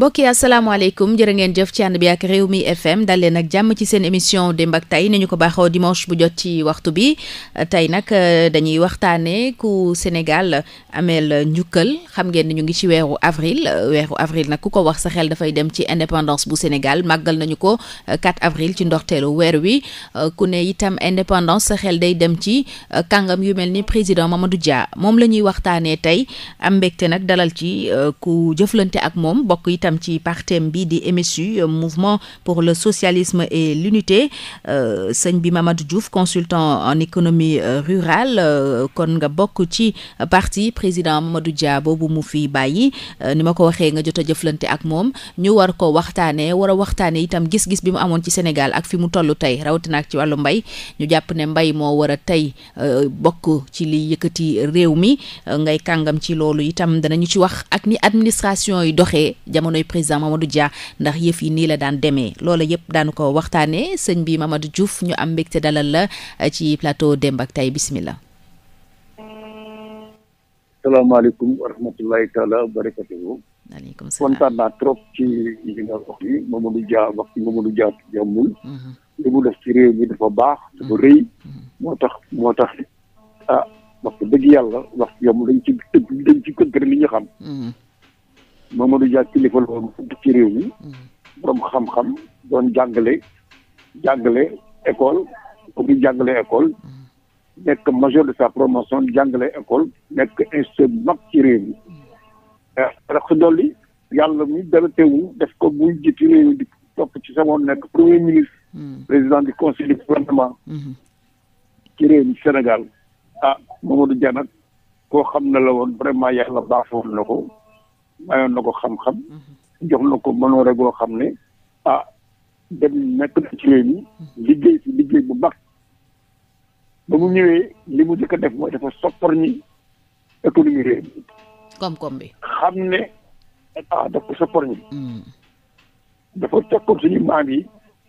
mbokk yi asalaamaaleykum jërë ngeen jëf ci ànd bi ak réew mi FM dal nag jàmm ci seen émission démb ak tay ni ñu ko baaxoo dimanche bu jot ci waxtu bi tey nag euh, dañuy waxtaanee ku Sénégal ameel njukkal xam ngeen ni ñu ngi ci weeru avril weeru avril nag ku ko wax sa xel dafay dem ci indépendance bu Sénégal màggal nañu ko 4 euh, avril ci ndorteelu weer wi euh, ku ne itam indépendance sa xel day dem ci kàngam yu mel ni président Mamadou Dia moom la ñuy waxtaanee tey am mbégte nag dalal ci ku jëflante ak moom bokk itam ci partem bi di MSU euh, mouvement pour le socialisme et l'unité euh, sëñ bi Mamadou Diouf consultant en économie euh, rurale kon nga bokk ci parti président Mamadou Dia boobu mu fi bàyyi ni ma ko waxee nga jot jëflante ak moom ñu war ko waxtaanee war a waxtaanee itam gis-gis bi mu amoon ci Sénégal ak fi mu toll tey rawatina ak ci wàllu mbay ñu jàpp ne mbay moo war a tey bokk ci li yëkkati réew mi ngay kàngam ci loolu itam dana ñu ci wax ak ni administration yi doxee jamono jamonoy président Mamadou Dia ndax yëf yi nii la daan demee loolu yëpp daanu ko waxtaanee sëñ bi ma Mamadou Diouf ñu am mbégte dalal la eh, ci plateau Demb ak Tay bismillah salaamaaleykum wa rahmatullahi taala wa barakatuhu waaleykum salaam kontaan naa ci mhm. li mu def ci réew mi dafa baax dafa rëy mhm. Mhm. moo tax moo tax ah wax dëgg yàlla wax jàmmul dañ ci tëgg li ñu xam Mamadou Dia kilifa la woon ci réew mi hmm. borom xam-xam doon jàngale jàngale école ku jàngale école hmm. nekk major de sa promotion jàngale école nekk institut bu mag ci réew mi eh, rax su dolli yàlla mu dara teewul def ko ji jiiti réew mi topp ci samoon nekk premier ministre hmm. président du conseil du gouvernement ci réew mi Sénégal ah Mamadou Dia nag koo xam ne la woon vraiment yàlla baaxoon na ko mayoon na ko xam-xam jox na ko mënoore goo xam ne ah dem nekk na ci réew mi liggéey si liggéey bu mag ba mu ñëwee li mu njëkk a def mooy dafa soppar ñi économie réew mi koom-koom bi xam ne ah dafa soppar ñi hmm. dafa fekkoon suñu maam yi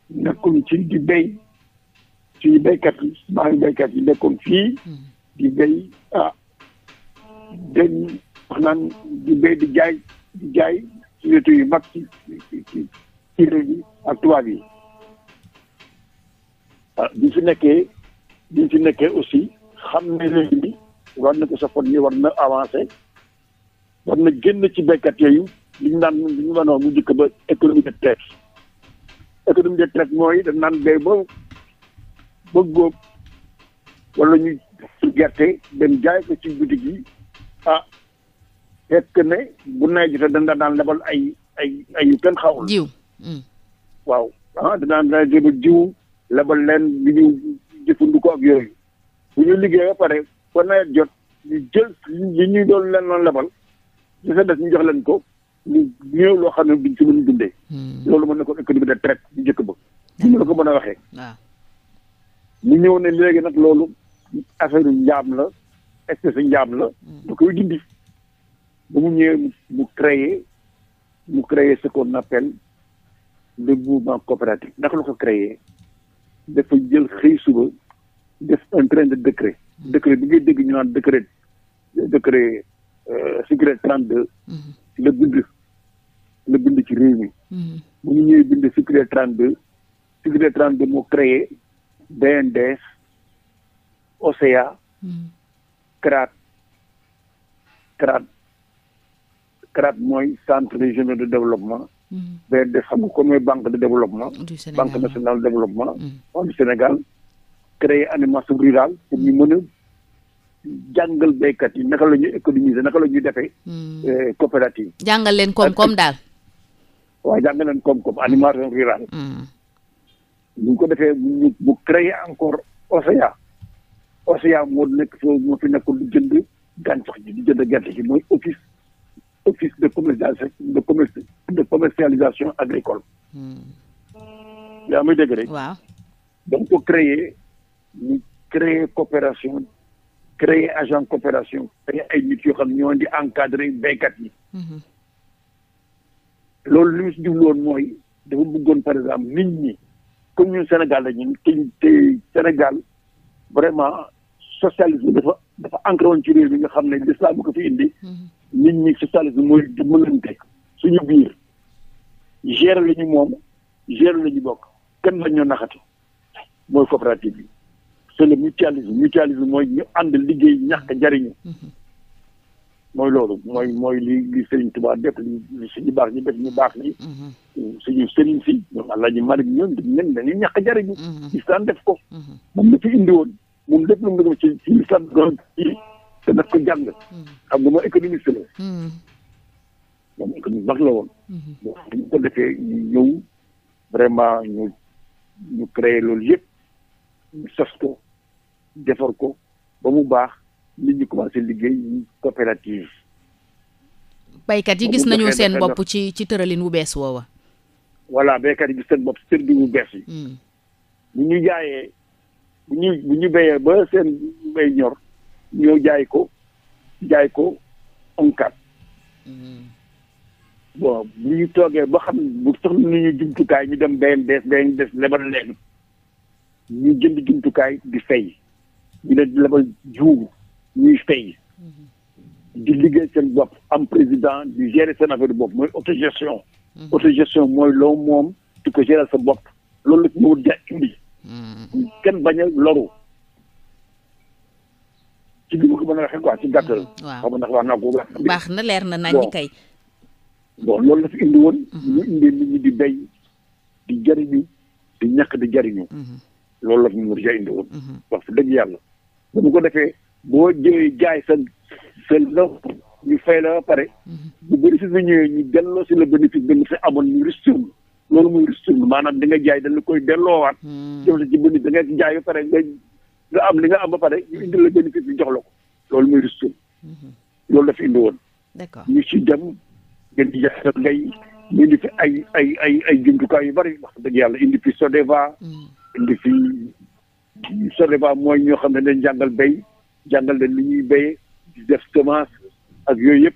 nekkoon ci di béy suñu béykat yi maam yi béykat yi nekkoon fii hmm. di béy ah wax naan di béy di jaay di jaay société yu mag ci ci ci ci ak tubaab yi ah bi fi nekkee bi fi nekkee aussi xam ne léegi ni war na ko sa fon ni war na avancé war na génn ci béykat yooyu li ñu naan li ñu mënoon mu njëkk ba économie de traite économie de traite mooy dañ naan béy ba ba góob wala ñu gerte dem jaay ko ci boutique yi ah, fekk ne bu nawet jotee dañ la daan lebal ay ay ay yu kenn xawul. jiw. Mm. waaw ah dinaan nawet jiw lebal leen bi ñu jëfandikoo ak yooyu bu ñu liggéey ba pare ba nawet jot ñu jël li ñuy doon leen loon lebal li sa des ñu jox leen ko lu néew loo xam ne duñ ci mën dundee. Mm. loolu mën ne ko économie de traite bu njëkk ba. ñu la ko mën a waxee. waaw ñëw ne léegi nag loolu affaire njaam la espèce njaam la. Mm. da koy dindi. bu mu ñëwee mu créer mu créer ce qu'on appelle mouvement coopératif ndax lu ko créer dafa jël xëy suba def un de décret décret bi ngay dégg ñu naan décret décret euh, secret trente deux mm-hmm. la bind la bind ci réew mi mm-hmm. bu ñu ñëwee bind secret trente deux secret trente deux moo créer DNDS OCA CRAD mm-hmm. CRAD CRAD mooy centre régional de développement. Mm-hmm. BRD xam nga ko mooy banque de développement. banque nationale de développement. Mm-hmm. waa du Sénégal créer animation rurale pour ñu mën a jàngal béykat yi naka la ñuy économiser naka la ñuy defee. Mm-hmm. Euh, coopérative. jàngal leen koom-koom daal. waaw jàngal leen koom-koom animation rurale. bu ñu ko defee bu bu créer encore OCA. OCA moo nekk foofu moo fi jënd gàncax gi di jënd gerte gi mooy office. office de commercialisation de commerce de commercialisation agricole. Hmm. yaa may dégg rek. waaw donc ko créer ñu créer coopération créer agent coopération créer ay nit yoo xam ne ñoo di encadrer béykat yi. Hmm. loolu li ñu si jublu mooy dafa buggoon par exemple nit ñi comme ñun Sénégal la ñun te te Sénégal vraiment socialisme dafa dafa ancré woon ci réew bi nga xam ne l'islam ko fi indi. Hmm. nit ñi socialisme mooy di mënante suñu biir gérer la ñu moom gérer la ñu bokk kenn lañ ñoo naxati mooy coopérative bi c'est le mutualisme mutualisme mooy ñu ànd liggéey ñàkk jariñu mooy loolu mooy mooy li li Serigne Touba def li suñu baax ñu baax ñu mari ñoom ñen dañuy ñàkk jariñu mhm. islam def ko mhm. moom la fi indi woon moom lépp lu mu def ci ci islam doon te daf ko jàng. Mm-hmm. xam nga mooy économiste la. Mm-hmm. mag la woon. boo mm-hmm. xam ko defee ñu ñëw vraiment ñu ñu loolu yëpp ñu sos ko defar ko ba mu baax nit ñu commencé liggéey ñu coopérative. baykat yi gis nañu seen bopp ci ci tëralin wu bees woowa. voilà baykat yi gis seen bopp ci tëralin wu bees yi. bu ñu jaayee bu ñu bu ñu béyee ba seen mbay ñor. ñoo jaay ko jaay ko ANCAR mm-hmm. bon bu ñu toogee ba xam bu soxla nañu jumtukaay ñu dem BNDES BNDES lebal leen ñu jënd jumtukaay di fay ñu leen di lebal juum ñuy fay mm-hmm. di liggéey seen bopp am président di gérer seen affaire bopp mooy autogestion mm-hmm. autogestion mooy loo moom di ko gérer sa bopp loolu la ñu wut ja kenn bañ loru ko mën a waxee quoi ci gàttal. Mm-hmm. waaw xaw ma ndax wax naa ko. baax na leer na nañ kay. bon loolu la indi woon. Mm-hmm. ñu ñi di béy di jariñu di di jariñu. Mm-hmm. loolu la fi mu indi woon. wax dëgg yàlla. bu ko defee boo jëlee jaay sa sa loo ñu fay la ba pare. bu bénéfice bi ñëwee ñu delloo si la bénéfice bi lu fi amoon ñu ristourne loolu muy ristourne maanaam di nga jaay dañ la koy delloowaat. jëf la ci bénéfice da nga jaay ba pare nga am li nga am ba pare ñu indil la bénéfice jox la ko. loolu muy risque loolu dafa indi woon. ñu ci dem gën di jaajëfal ngay ñu fi ay ay ay ay jumtukaay yu bari wax dëgg yàlla indi fi Sodeva. Hmm. indi fi Sodeva mooy ñoo xam ne dañ jàngal béy jàngal leen li ñuy béyee di def semence ak yooyu yëpp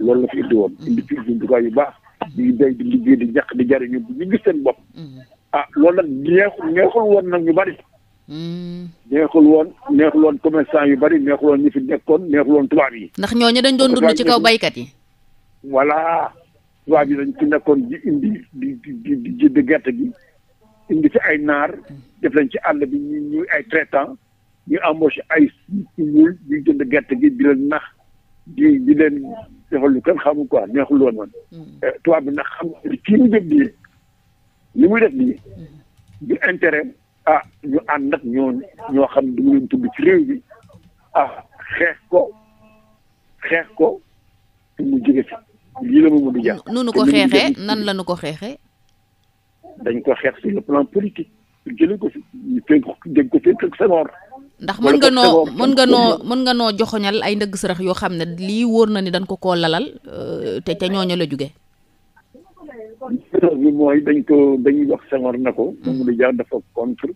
loolu la fi indi woon. Hmm. indi fi jumtukaay yu baax. di béy di liggéey di ñàkk di jariñu ñu gis seen bopp. Hmm. ah loolu nag neexul neexul woon nag ñu bari. neexul woon neexul woon commerçant yu bari neexul woon ñi fi nekkoon neexul woon tubaab yi. ndax ñooñu dañ doon dund ci kaw baykat yi. voilà tubaab yi dañ ci nekkoon di indi di di jënd gerte gi indi si ay naar def lañ ci àll bi ñu ñuy ay traitant ñu si ay ñuul ñuy jënd gerte gi di leen nax di di leen defal lu kenn xamul quoi neexul woon man. Hmm. Eh, tubaab bi nag xam kii mu def nii li muy def nii du intérêt. ah ñu ànd ak ñoo ñoo xam ne du leen tudd ci réew bi ah xeex ko xeex ko pour jóge fi lii la Mamadou Dia. nu nu ko xeexee nan la nu ko xeexee. dañ ko xeex sur le plan politique jëlee ko fi ko fekk ak ndax mën nga noo mën nga noo mën nga noo joxoñal ay ndëgg sërëx yoo xam ne lii wóor na ni dañ ko koo lalal euh, te te ñooñu la jóge preuve bi mooy dañ ko dañ wax Senghor na ko Mamadou hmm. Dia dafa contre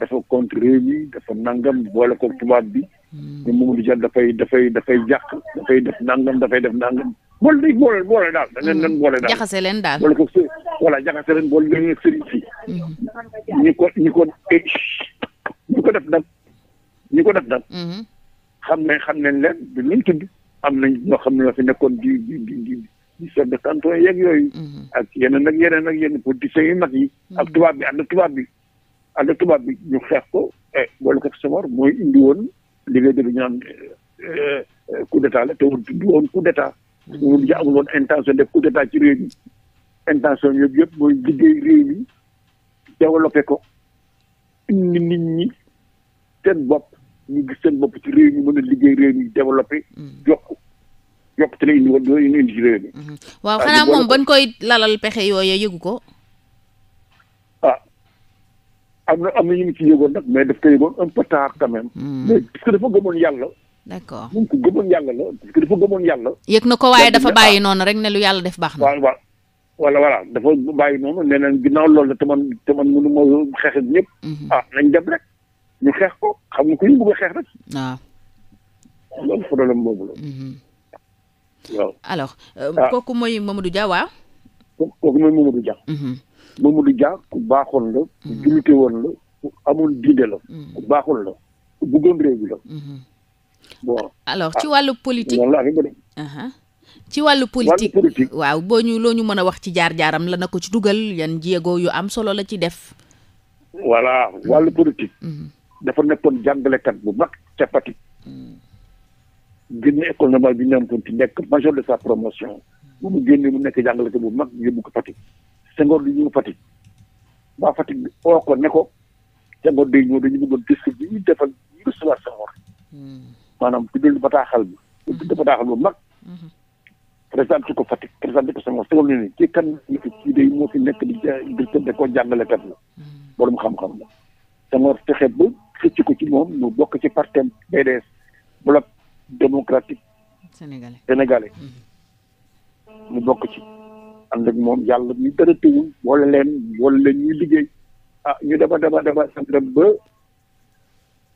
dafa contre réew mi dafa nangam boole ko tubaab bi hmm. ne Mamadou Dia dafay dafay dafay jàq dafay def nangam dafay def nangam boole day boole boole daal da ngeen leen hmm. boole daal jaxase leen daal boole ko së voilà jaxase leen boole leen sëriñ si ñi ko ñi ko eh, ñi ko def nag ñi ko def nag xam ne xam nañ leen du luñ tudd am nañ ñoo xam ne ñoo nekkoon di di di di chef de canton yooyu. Mhm. ak yeneen ak yeneen ak yeneen politiciens yu mag yi. Mhm. ak tubaab bi ànd tubaab bi ànd tubaab bi ñu xeex ko et eh, boole mooy indi li ngay dégg ñu naan eh, eh, coup d'état la te du woon coup d'état. ñun mhm. ñu amul woon intention def coup d'état ci réew mi intention yëpp yëpp mooy liggéey réew mi développé ko indi nit ñi ten bopp ñu gis seen bopp ci réew mi mën a liggéey réew mi développé jox yokkute la indi wala ñu indi ci mhm. waaw ah, xanaa moom bañ koy lalal pexe yooya yëgu ko ah am na am na ñu ngi ci yëgoon nag mais daf ko yëgoon un peu tard quand même mhm. parce que dafa gëmoon yàlla d'accord moom ko gëmoon yàlla la dafa gëmoon yàlla yëg na ko waaye dafa bàyyi ah. noonu rek ne lu yàlla def baax na waaw waaw voilà voilà dafa bàyyi noonu nee na ginnaaw loolu la te man te man mënu ma xeex ak ñëpp mhm. ah nañ dem rek ñu xeex ko xam nga ko ñu bëgg a xeex rek waaw waaw alors euh, ah. kooku mooy Mamadou Dia waaw. kooku mooy Mamadou Dia. Mhm. Mamadou ku baaxoon la. ku mhm. jullite la ku amul diine la. Mhm. ku baaxoon la ku bëggoon réew mi la. bon ci ah. wàllu politique waaw boo ñu loo ñu mën a wax ci jaar-jaaram la na ko ci dugal yan jéego yu am solo la ci def. voilà wàllu politique. dafa nekkoon jàngalekat bu mag ca génne école normale bi ñu nekkoon ci nekk major de sa promotion bu mu génne mu nekk jàngale bu mag yóbbu ko Fatick Senghor di ñëw Fatick waa oo ko ne ko Senghor day ñëw dañu bëggoon district bi ñu defal ñu recevoir Senghor maanaam ci biir bataaxal mm-hmm. mag mm-hmm. présenté ko Fatick présenté ko Senghor Senghor ne ne ci kan nekk ci day moo fi nekk di directeur de ko jàngalekat la mm-hmm. borom xam-xam la Senghor fexe ba xëcc ko ci moom mu bokk ci partem BDS bloc démocratique sénégalais mhm. mu bokk ci ànd ak moom yàlla ñu dara tëwul boole leen boole leen ñuy liggéey ah ñu dema dema dema sam dem ba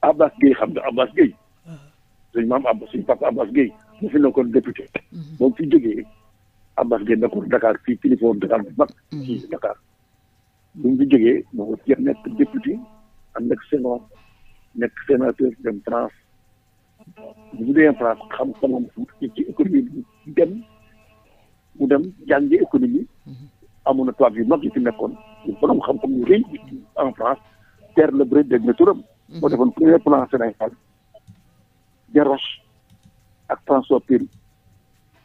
Abbas Gueye xam nga Abbas Gueye ah. suñu maam Abbas suñu papa Abbas Gueye mu fi nekkoon député mhm. moom fi jógee Abbas Gueye nekkoon Dakar fii kilifa woon Dakar bu mag fii mhm. Dakar buñu fi jógee nekk député ànd nekk sénateur dem France bu ñu demee France xam xamam ci économie bi dem mu dem jàngi économie amoon na tubaab yu mag yu fi nekkoon ñu borom xam-xam yu rëy en France Pierre Lebrun dégg na turam mhm. moo defoon premier plan Sénégal Desroches ak François Piri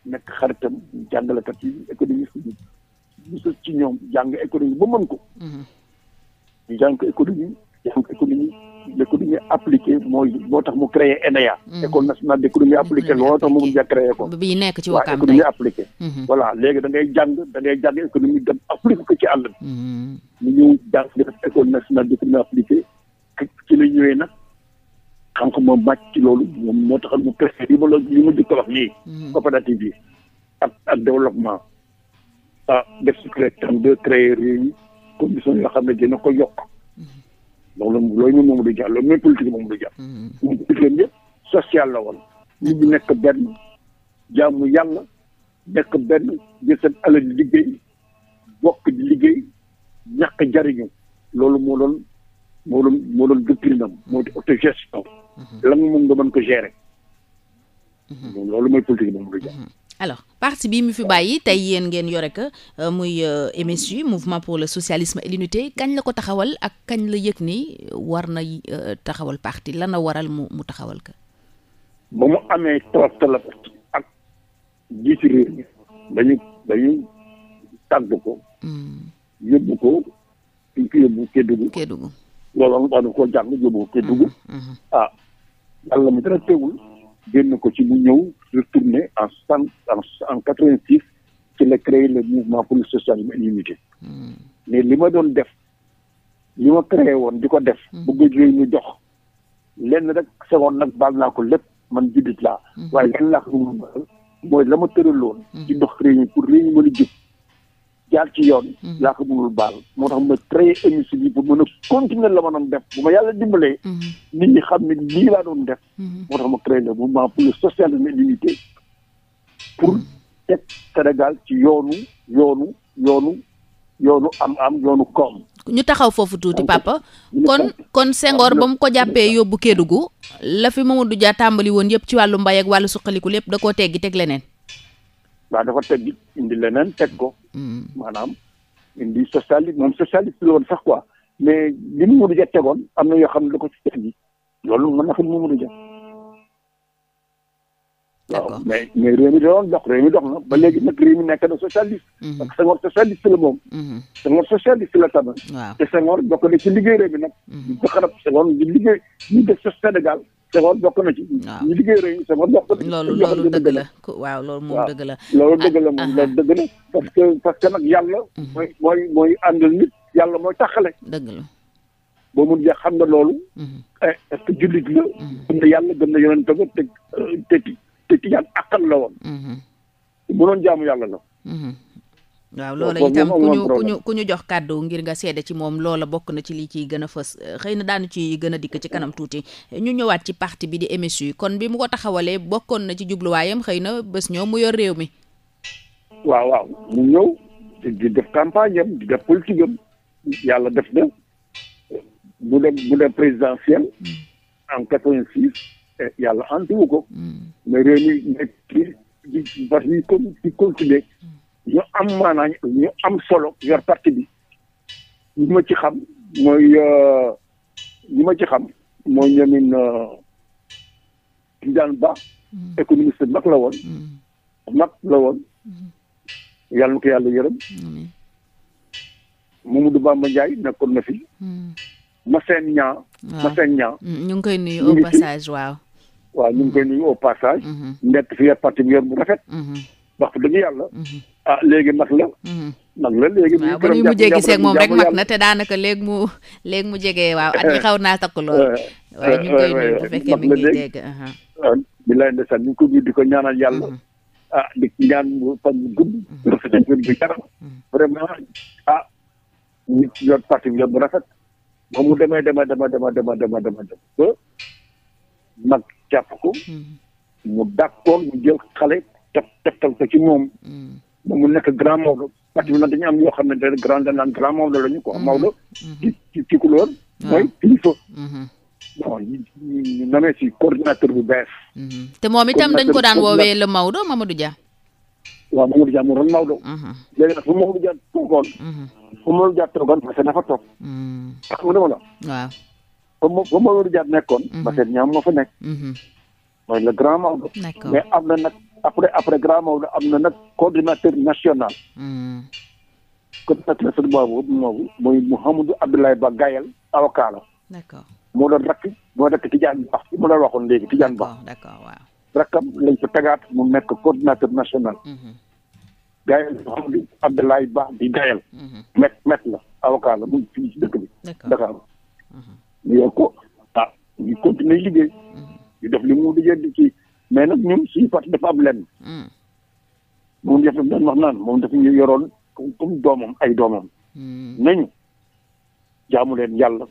nekk xaritam jàngalekat yi économiste yi ñu sës ci ñoom jàng économie ba mën ko mhm. jàng ko économie ci xam économie mm-hmm. l'économie appliquée mooy moo tax mu créé ENEA. Mm-hmm. école nationale d'économie appliquée mm-hmm. looloo tax mu mujj a créé ko. bi nekk ci Wakaam économie appliquée. voilà léegi da ngay jàng da ngay jàng économie dem appliqué ko ci àll bi. ñu ñëw jàng def école nationale d'économie appliquée ci la ñëwee nag xam-xam moom màcc ci loolu moom moo tax mu créé li ma la li ma jëkk wax nii. coopérative yi ak ak développement. a ah, def si créé tam de créer réew yi conditions yoo xam ne dina ko yokk. donc loolu moom moom du jàll loolu mooy politique moom du jàll. Mm-hmm. moom politique yëpp la woon. nit ñi nekk benn jaamu yàlla nekk benn jël seen alal di liggéey bokk di liggéey ñàkk jariñu loolu moo doon moo doon moo doon doctrine am moo di autogestion. Mm-hmm. lan moom nga mën ko gérer. Mm-hmm. loolu mooy politique moom du jàll. alors parti bi mu fi bàyyi tey yéen ngeen yore ko euh, muy euh, MSU mouvement pour le socialisme et l'unité kañ la ko taxawal ak kañ la yëg ni euh, war na taxawal parti lan waral mu mu taxawal ko. ba mu amee tolof-tolof ak ko. Hmm. yóbbu ko fi ñu ko yóbbu Kédougou. loolu am na ko jàng yóbbu ko Kédougou. Hmm, hmm, ah yàlla mu dara teewul. génn ko ci mu ñëw retourné en cent en quatre vingt six ci la créé le mouvement pour le socialisme et l'unité hmm. mais li ma doon def li ma créé woon di ko def hmm. bëgg yooyu ñu dox lenn rek sewoon nag baal naa ko lépp man juddit laa hmm. waaye lenn laa ko mooy la ma tëraloon ci dox réew mi pour réew mi mën a jub jaar ci yoon. Mhm. laa ko mënul baal moo tax ma créé émission bi pour mën a continuer la ma doon def bu ma yàlla dimbalee. Mhm. nit ñi xam ne lii laa doon def. Mhm. moo tax ma créé le mouvement pour le socialisme et l'unité pour teg Sénégal ci yoonu yoonu yoonu am-am yoonu koom. ñu taxaw foofu tuuti papa kon kon Senghor ba mu ko jàppee yóbbu Kédougou la fi Mamadou Dia tàmbali woon yëpp ci wàllu mbay ak wàllu suqaliku lépp da koo teggi teg leneen. ndax dafa teg indi leneen teg ko. Mm-hmm. maanaam indi socialiste moom socialiste la woon sax quoi mais li mu mën a jot am na yoo xam ne da ko ci teg loolu mën na ko mu mën a jot. waaw mais mais da doon dox réew na ba mm-hmm. léegi nag réew mi nekk na socialiste. Mm-hmm. parce que Senghor socialiste la moom. Senghor socialiste la tamit. waaw te Senghor bokk na ci liggéey nag. ñu doxal ak Senghor ñu liggéey ñu sa Sénégal Senghor bokk na ci. waaw ñu liggéey rek na loolu la waaw loolu moom dëgg la. loolu dëgg la moom loolu dëgg la parce que parce que nag yàlla. mooy mooy mooy nit yàlla mooy taxale. dëgg la. boo mun jeex xam nga loolu. est-ce que jullit la. gëm na yàlla gëm na yonent ba te te te tijaan akal la yàlla la. waaw loola itam ku ñu ku ñu ku ñu jox kàddu ngir nga seede ci moom loola bokk na ci lii ciy gën a fës xëy na daanu ci gën a dikk ci kanam tuuti ñu ñëwaat ci parti bi di yi kon bi mu ko taxawalee bokkoon na ci jubluwaayam xëy na bés ñëw mu yor réew mi waaw waaw mu ñëw di def campagne am di def politique am yàlla def na bu dem bu dem présidentiel en quatre-vingt-six eh, yàlla antiwu ko hmm. mais réew mi ci continuer ñu am maanaam ñu am solo yor parti bi li ma ci xam mooy euh, ñu ma ci xam mooy ñoomin euh, Tidiane Ba mm. économiste mag la woon mm. mag la woon mm. yàlla na ko yàlla yërëm Mamadou Bamba Ndiaye nekkoon na fi Massène Niang Massène Niang ñu ngi koy nuyu au waaw waaw ñu ngi koy nuyu au passage mm-hmm. fi yor parti bi yor bu rafet mm-hmm. wax dëgg yàlla mm-hmm. ah léegi mag la. Mhm. mag la léegi. bu ñu këram jàpp mujjee gisee ak moom rek mag na te daanaka léegi mu léegi mu jege waaw at yi eh, xaw naa takk lool. Eh, waaye ñu ngi koy eh, nuyu bu fekkee mi ngi dégg. Ah, bilaay ndeysaan ñu ngi ko nuyu di ko ñaanal yàlla. Mhm. ah di ñaan mu fan bu gudd. rafet mhm. bu yaram. vraiment ah. nit yoon parti bi yoon bu rafet. moom mu demee demee demee demee demee demee demee dem ba mag jàpp ko. mu d'accord mu jël xale tef teftal ko ci moom. mu nekk grand Maodo parce que dañu am yoo xam ne dañu grand dañu naan grand Maodo lañu quoi mm-hmm. Maodo. ci mm-hmm. ci ci couleur. mooy kilifa. Mm-hmm. bon ñu ñu namee si coordinateur bu bees. te moom itam dañ ko daan woowee le Maodo Mamadou Dia. waaw Mamadou Dia mu doon Maodo. léegi nag fu Mamadou Dia toogoon. fu Mamadou Dia toogoon parce que dafa toog. xam nga dama la. waaw. comme comme nekkoon. parce am na nag. après après grand Maodo am na nag coordinateur national. Hmm. coordinateur national boobu moomu mooy Mouhamadou Abdoulaye Ba Gayel avocat la. d'accord moo doon rakk moo rakk Tidiane Ba mu la waxoon léegi Tidiane Ba. d'accord waaw. rakkam lañ fa tagaat mu nekk coordinateur national. Hmm. Gayel Mouhamadou Abdoulaye Ba di Gayel. Hmm. met met la avocat la mu fii ci dëkk bi. Dakar ñu yor ko ah ñu liggéey. ñu def li mu liggéey di ci. mais nag ñun suñu parti dafa am lenn. Hmm. moom yaa ngi wax naan moom dafa ñu yoroon comme doomam ay doomam. Hmm. nañu jaamu leen yàlla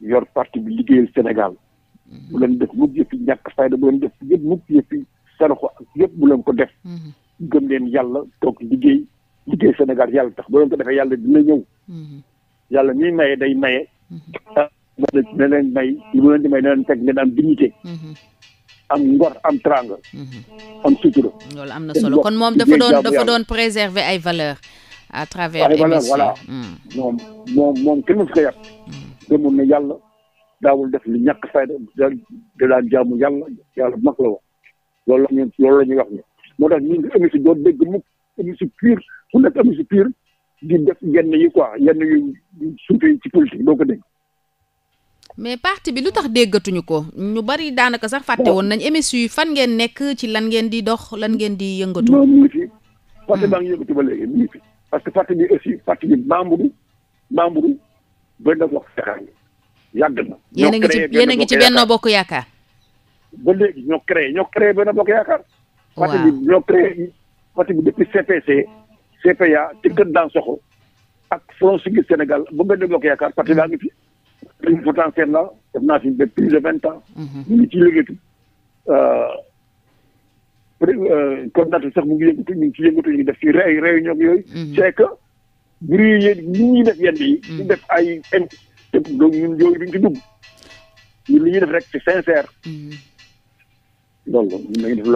yor parti bi liggéeyal Sénégal. Hmm. bu leen def mukk yëpp ñàkk fayda bu leen def yëpp mukk yëpp saraxu ak yëpp bu leen ko def. gëm leen yàlla toog liggéey liggéey Sénégal yàlla tax boo leen ko defee yàlla dina ñëw. yàlla ñuy maye day maye. ah ne leen may li mu leen di may ne leen teg ngeen am dignité. am ngor am tranga mhm. am sutura loolu am na solo kon moom dafa doon dafa doon préserver ay valeur à travers émission voilà hmm. moom moom moom kenn mos ko yàq hmm. na yàlla daawul def lu ñàkk fayda da daan jaamu yàlla yàlla mag la wax loolu la ñu loolu la ñuy wax ñu moo tax ñun émission doo dégg mukk émission pure ku nekk émission di def yenn yi quoi yenn yu suufe yi ci politique doo ko dégg mais parti bi lu tax déggatuñu ko ñu bari daanaka sax fàtte woon nañ émission yi fan ngeen nekk ci lan ngeen di dox lan ngeen di yëngatu. non mu hmm. baa ngi yëngatu ba léegi mu ngi fi parce que parti bi aussi parti bi membre bi membre bi benn a ngi ci yéen bokk yaakaar. ba léegi ñoo créé ñoo créé benn bokk yaakaar. waaw parti bi ñoo créé parti bi depuis CPC. CPA ci kër daan soxo ak Front Siggil Sénégal ba benn bokk yaakaar parti baa ngi fi. dañu potentiel la def naa fi plus de vingt ans. Mhm. ñu ngi ciy yëngatu. comme naata sax mu ngi yëngatu ñu ngi ci yëngatu ñu ngi def ci ré réunion yooyu. Mhm. c'est que bruit yi ni ñuy def yenn yi. ñu mhm. def ay indi. te ñun yooyu duñ ci dugg ñun li ñuy def rek c'est sincère. loolu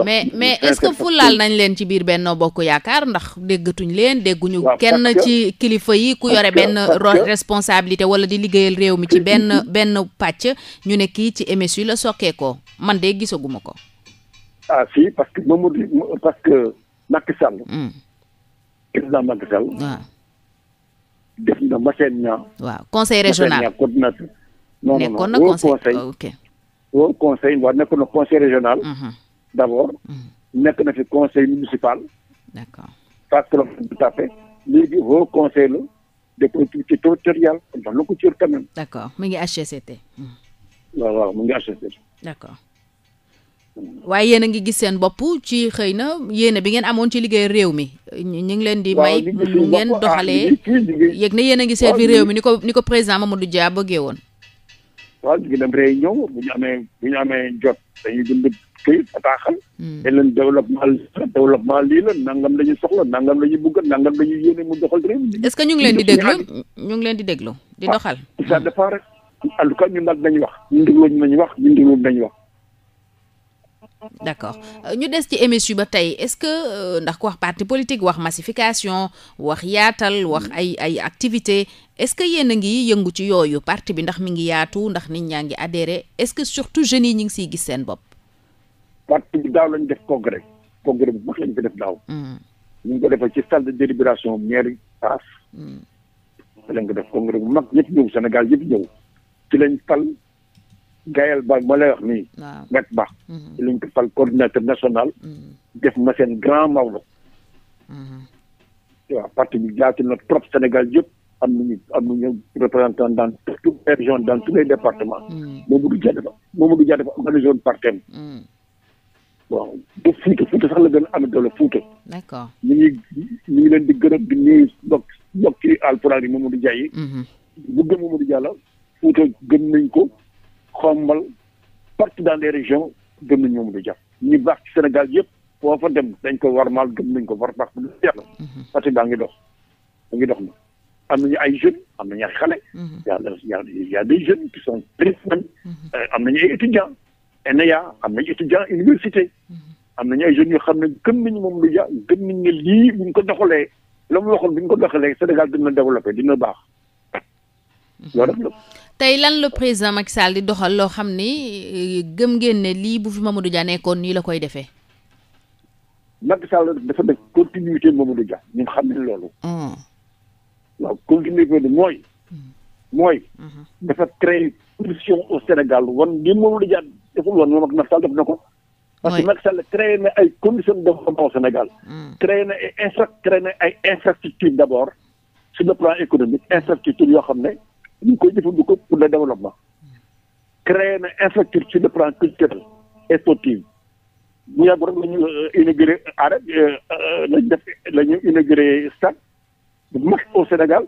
mais mais est-ce que fulaal nañ leen ci biir Benno Bokk Yaakaar ndax déggatuñ leen dégguñu kenn ci kilifa yi ku yore benn responsabilité wala di liggéeyal réew mi ci mm-hmm. benn benn pàcc ñu ne kii ci yi la sokkee ko man de gisaguma ko ah si parce que mm. waaw conseil régional coordinateur nekkoon na conseil ok au conseil waa nekk na conseil régional. Mhm. d' abord. Mhm. nekk na fi conseil municipal. d' accord parce que bu lu ko cër quand même. d' accord mu ngi HCCT. waaw waaw mu ngi HCCT. d' accord waaye yéen a ngi gis seen bopp ci xëy na yéen bi ngeen amoon ci liggéey réew mi ñu ngi leen di. may ngeen ah, doxalee yëg na yéen a ngi servi réew mi ni ko ni ko président du Dia bëggee woon. waaw ñu dem réunion bu ñu amee bu ñu amee jot dañuy bind këyit bataaxal. te hmm. leen développement développement lii la nangam la ñu soxla nangam la ñu bëgg nangam la ñu yéene mu doxal réew mi. est que ñu ngi leen di déglu ñu ngi leen di déglu di ah, doxal. ça dépend rek en tout cas ñun wax ñu dégluwoon nañu wax ñun dégluwoon wax. d' accord euh, ñu des ci MSU ba tey est ce que euh, ndax ku wax parti politique wax massification wax yaatal wax ay ay activité est ce que yéen a ngi yëngu ci yooyu parti bi ndax mi ngi yaatu ndax nit ñaa ngi adhéré est ce que surtout jeunes yi ñu ngi siy gis seen bopp. parti bi daaw lañ def congrès congrès bu mag lañ ko def daaw. Hmm. ko defal ci salle de délibération mairie hmm. def congrès bu mag yëpp ñëw Sénégal yëpp ñëw ci lañ fal. Gaël Ba ma lay wax nii. waaw met ba. Mm-hmm. liñ ko fal coordinateur national. Mm-hmm. def ma seen grand Maodo. Mm-hmm. waaw parti bi jaati na trop Sénégal yëpp am nañu am nañu représentant dans toutes les régions dans tous les départements. Mamadou Dia dafa Mamadou Dia dafa organisé woon partem. waaw ba Fouta sax la gën a am doole Fouta. d'accord ñu ngi ñu ngi leen di gërëm di nuyu mbokk mbokk yi alpulaar yi Mamadou Dia yi. bu la Fouta gëm nañ ko. xombal partout dans les régions gëm nañ moom du jàpp ñu baax ci Sénégal yëpp boo dem dañ war warmaal gëm nañ ko war baax bu yàlla mhm. parce que daa ngi dox daa ngi dox na ñu ay jeunes am nañu ay xale mhm. yàlla a des jeunes qui sont très mhm. euh, am nañu ay étudiants ENEA am nañu étudiants université am nañu ay jeunes yoo xam ne gëm nañu moom du ja gëm nañ ne lii buñ ko doxalee la mu waxoon buñ ko doxalee Sénégal dina développé dina baax loolu tey lan la président Macky Sall di doxal loo xam ni gëm ngeen ne lii bu fi Mamadou Dia nekkoon nii la koy defee. Macky Sall dafa nekk continuité Mamadou Dia ñun xam ne loolu. Hmm. waaw continuité bi mooy. Hmm. mooy. Hmm. dafa créer position au Sénégal wan li Mamadou Dia deful woon moom ak Macky Sall na ko. parce que Macky Sall na ay conditions de développement au Sénégal. créé na ay infra créé na ay infrastructures d' abord sur le plan économique infrastructure yoo xam ne. ñu ngi koy jëfandikoo pour le développement créer na infrastructure sur le plan culturel et sportif bu yàgg rek la ñu euh, inauguré arrêt ah, euh, euh, lañ def la ñu inauguré stade bu mag au Sénégal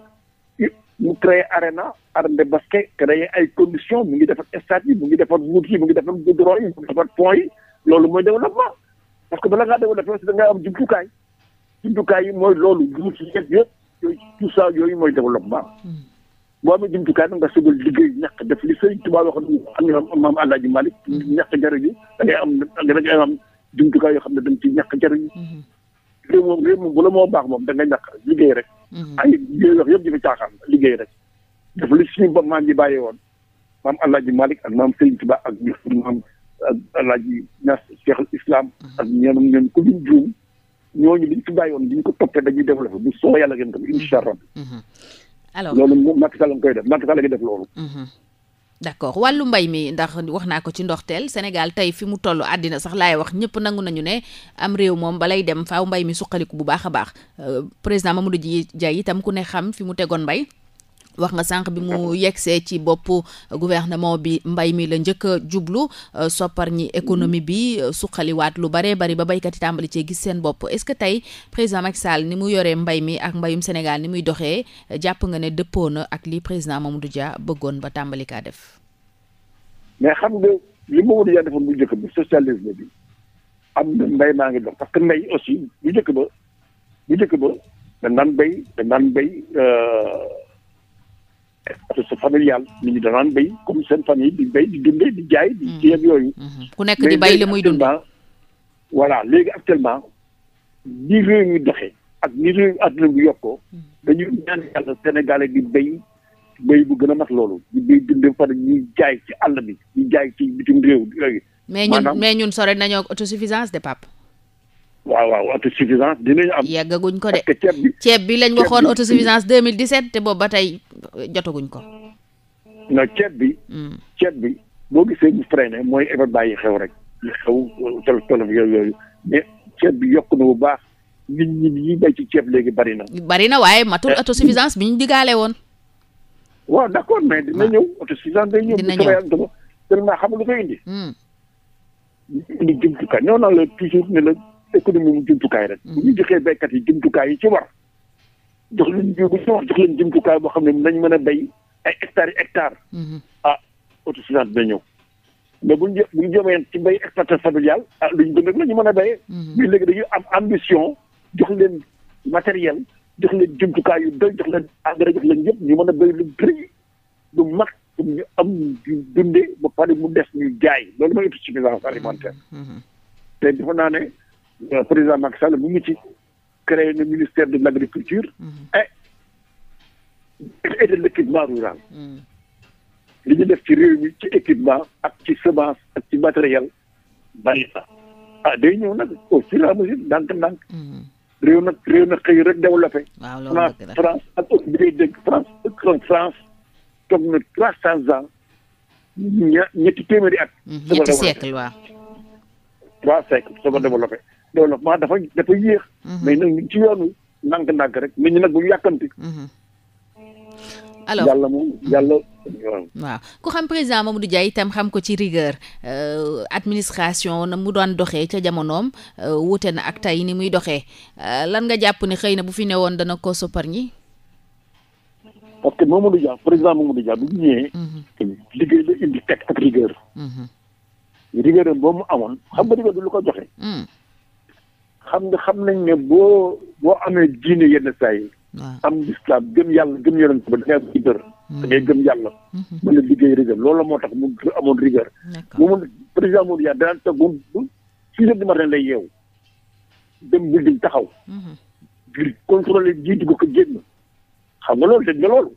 mu créé arena arène de basket créé ay conditions mu ngi defar stade yi mu ngi defar route yi mu ngi defar goudron yi mu ngi defar pont yi loolu mooy développement parce que bala ngaa développé aussi da ngaa am jumtukaay jumtukaay yi mooy loolu route yi yëpp yëpp tout yooyu mooy développement hmm. boo amee jumtukaay da nga sugal liggéey ñàkk def li Sëriñ Tuubaa waxoon am na maam Alaaji Malick mm-hmm. ñàkk jaruñu da ngay am da ngay am jumtukaay yoo xam ne da nga ci ñàkk jaruñu mm-hmm. réew moom moom bu la moo baax moom da nga liggéey rek mm-hmm. ay yooyu wax yëpp dafa caaxaan liggéey rek def li suñu ba maa yi bàyyi woon maam Alaaji Malick ak maam Sëriñ Tuubaa ak maam ak Alaaji Ñas Cheikhul Islam ak ñoom ñoom ku ñu juum ñooñu liñ fi bàyyi woon liñ ko toppee dañuy développé bu soo yàlla gën tam incha allah alors loolu moom Macky Sall nga koy def Macky Sall ngi def loolu. Mhm. d' accord wàllu mbay mi ndax wax naa ko ci ndoxteel Sénégal tey fi mu toll àddina sax laay wax ñëpp nangu nañu ne am réew moom balay dem faaw mbay mi suqaliku bu baax a baax euh, président mu Mamadou Dia itam ku ne xam fi mu tegoon mbay. wax nga sànq bi mu yegsee ci bopp gouvernement bi mbay mi la njëkk a jublu euh, soppar ñi économie bi euh, suqaliwaat lu baree bari ba béykat yi tàmbali cee gis seen bopp est-ce que tey président Macky Sall ni mu yoree mbay mi ak mbayum Sénégal ni muy doxee euh, jàpp nga ne dëppoo na ak li président Mamadou Dia bëggoon ba tàmbali kaa def. mais xam nga li Mamadou Dia defoon bu njëkk bi socialisme bi am na mbay maa ngi dox parce que aussi bu njëkk ba bu njëkk ba dañ daan béy dañ espèce familiale nit ñi danaan béy comme seen famille di béy di dundee di jaay. di kii mm-hmm. yooyu. Mm-hmm. ku nekk di béy la muy dundee voilà léegi actuellement ni réew mi doxee ak ni réew mi àdduna bi yokkoo mm-hmm. dañuy ñaan yàlla sénégalais di béy béy bu gën a mat loolu di béy dundee par ñuy jaay ci àll bi di jaay ci bitim réew yooyu. mais ñun mais ñun sore nañoo autosuffisance de Pape. waaw waaw autosuffisance dinañ am. yàggaguñ ko de parce que ceeb bi ceeb bi lañ waxoon autosuffisance 2017 te boobu ba tey jotaguñ ko. non bi. Hmm. ceeb bi boo gisee ñu freiné mooy événement yi xew rek yi xew tolof tolof yooyu mais ceeb bi yokk na bu baax nit ñi ñuy ci ceeb léegi bari na. bari na waaye matul eh. autosuffisance bi ñu digaale woon. waaw d'accord mais dina ah. ñëw autosuffisance day ñëw. dina ñëw tellement xam lu koy indi. Hmm. indi ñoo naan la toujours ne la. économie mu jumtukaay rek. Mm-hmm. bu ñu joxee béykat yi jumtukaay yi ci war jox leen jiw bu ci war jox jumtukaay boo xam ne nañ mën a béy ay hectares yi hectares. Mm-hmm. ah autosuffisance dina ñëw. bu ñu bu ñu ci mbéy exploitation familiale ah luñ dund rek la ñu mën a béyee. Mm-hmm. mais léegi dañuy am ambition jox leen matériel jox leen jumtukaay yu doy jox leen engrais jox leen yëpp ñu mën a béy lu bëri lu mag ñu am ñu dundee ba pare mu des ñu jaay loolu mooy autosuffisance alimentaire. te defe naa ne. Euh, président Macky mu ngi ci créé le ministère de l' agriculture. Mhm. et et de rural. Mhm. li ñu def ci réew mi ci équipement ak ci semence ak ci matériel bari ah day ñëw nag au fur et à mesure mhm. réew nag réew nag xëy rek développé. waaw loolu dëgg la France ak day dégg na trois cents ans ña ñetti téeméeri at. ñetti siècle trois siècles soo ko développé. développement dafa dafa yéex. Mhm. mais nag ñu rek nit ñi nag bu ñu yàkkanti. Mhm. yàlla moom yàlla. waaw ku xam président Mamadou Dia itam xam ko ci rigueur euh, administration na mu doon doxee ca jamonoom euh, wuute na ak tey ni muy doxee euh, lan nga jàpp ni xëy na bu fi newoon dana ko soppar ñi. parce que Mamadou Dia président bu ñëwee. Mhm. liggéey la indi teg ak rigueur. rigueur boobu mu amoon xam nga rigueur bi lu ko joxe. Mm. xam nga xam nañ ne boo boo amee diine yenn saa yi. am lislaam gëm yàlla gëm yonent ba da ngay hmm. da ngay gëm yàlla. Hmm. mën a liggéey rigueur loolu moo tax mu amoon rigueur. mu mun président Modou Dia daan toog bu six heures du matin lay yeewu dem building taxaw. Hmm. ngir contrôler jiitu ko ko génn. xam nga loolu dégg nga loolu.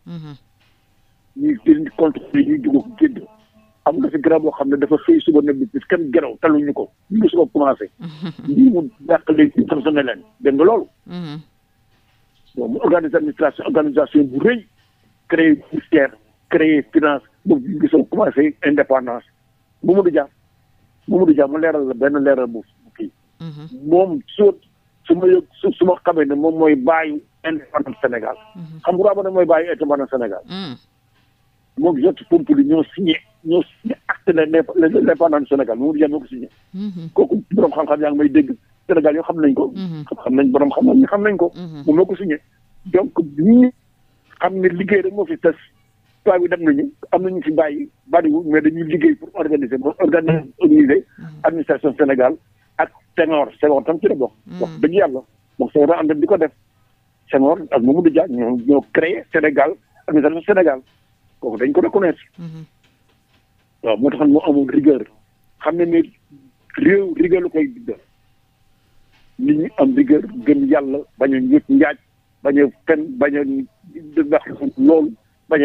ñuy gën di contrôler ñuy ko génn. xam nga si boo xam ne dafa xëy suba ne bis kenn geraw taluñu ko ñu ngi suba commencé. lii mu dàq léegi ci transformé leen dégg nga loolu. bon mm-hmm. mu organiser administration organisation bu rëy créer ministère créer finance boobu ñu ngi soog commencé indépendance Mamadou Dia Mamadou leeral la benn leeral bu kii. Mm-hmm. moom su ma yëg su ma xamee ne moom mooy bàyyi indépendance Sénégal. Mm-hmm. xam nga waaw mooy bàyyi indépendance Sénégal. Mm. moom jot pompe ñoo signé. ñoo signé acte la l'indépendance du Sénégal Mamadou Diagne moo ko signé. kooku borom xam-xam yaa ngi may dégg Sénégal yoo xam nañ ko. Mm-hmm. xam nañ borom xam-xam ñu xam nañ ko. moom mm-hmm. moo ko signé donc ñi xam ne liggéey rek moo fi tas toit bi dem nañu am nañu fi bàyyi bariwul mais dañuy liggéey pour organiser pour organiser mm-hmm. administration Sénégal ak Senghor Senghor tam ci la bokk. wax dëgg yàlla moom Senghor ànd di ko def Senghor ak Mamadou Dia ñoo ñoo créé Sénégal administration Sénégal kooku dañ ko reconnaître. waaw moo taxoon moo amoon rigueur xam ne ne réew rigueur lu koy def bañ a njëkk njaaj a fen a wax loolu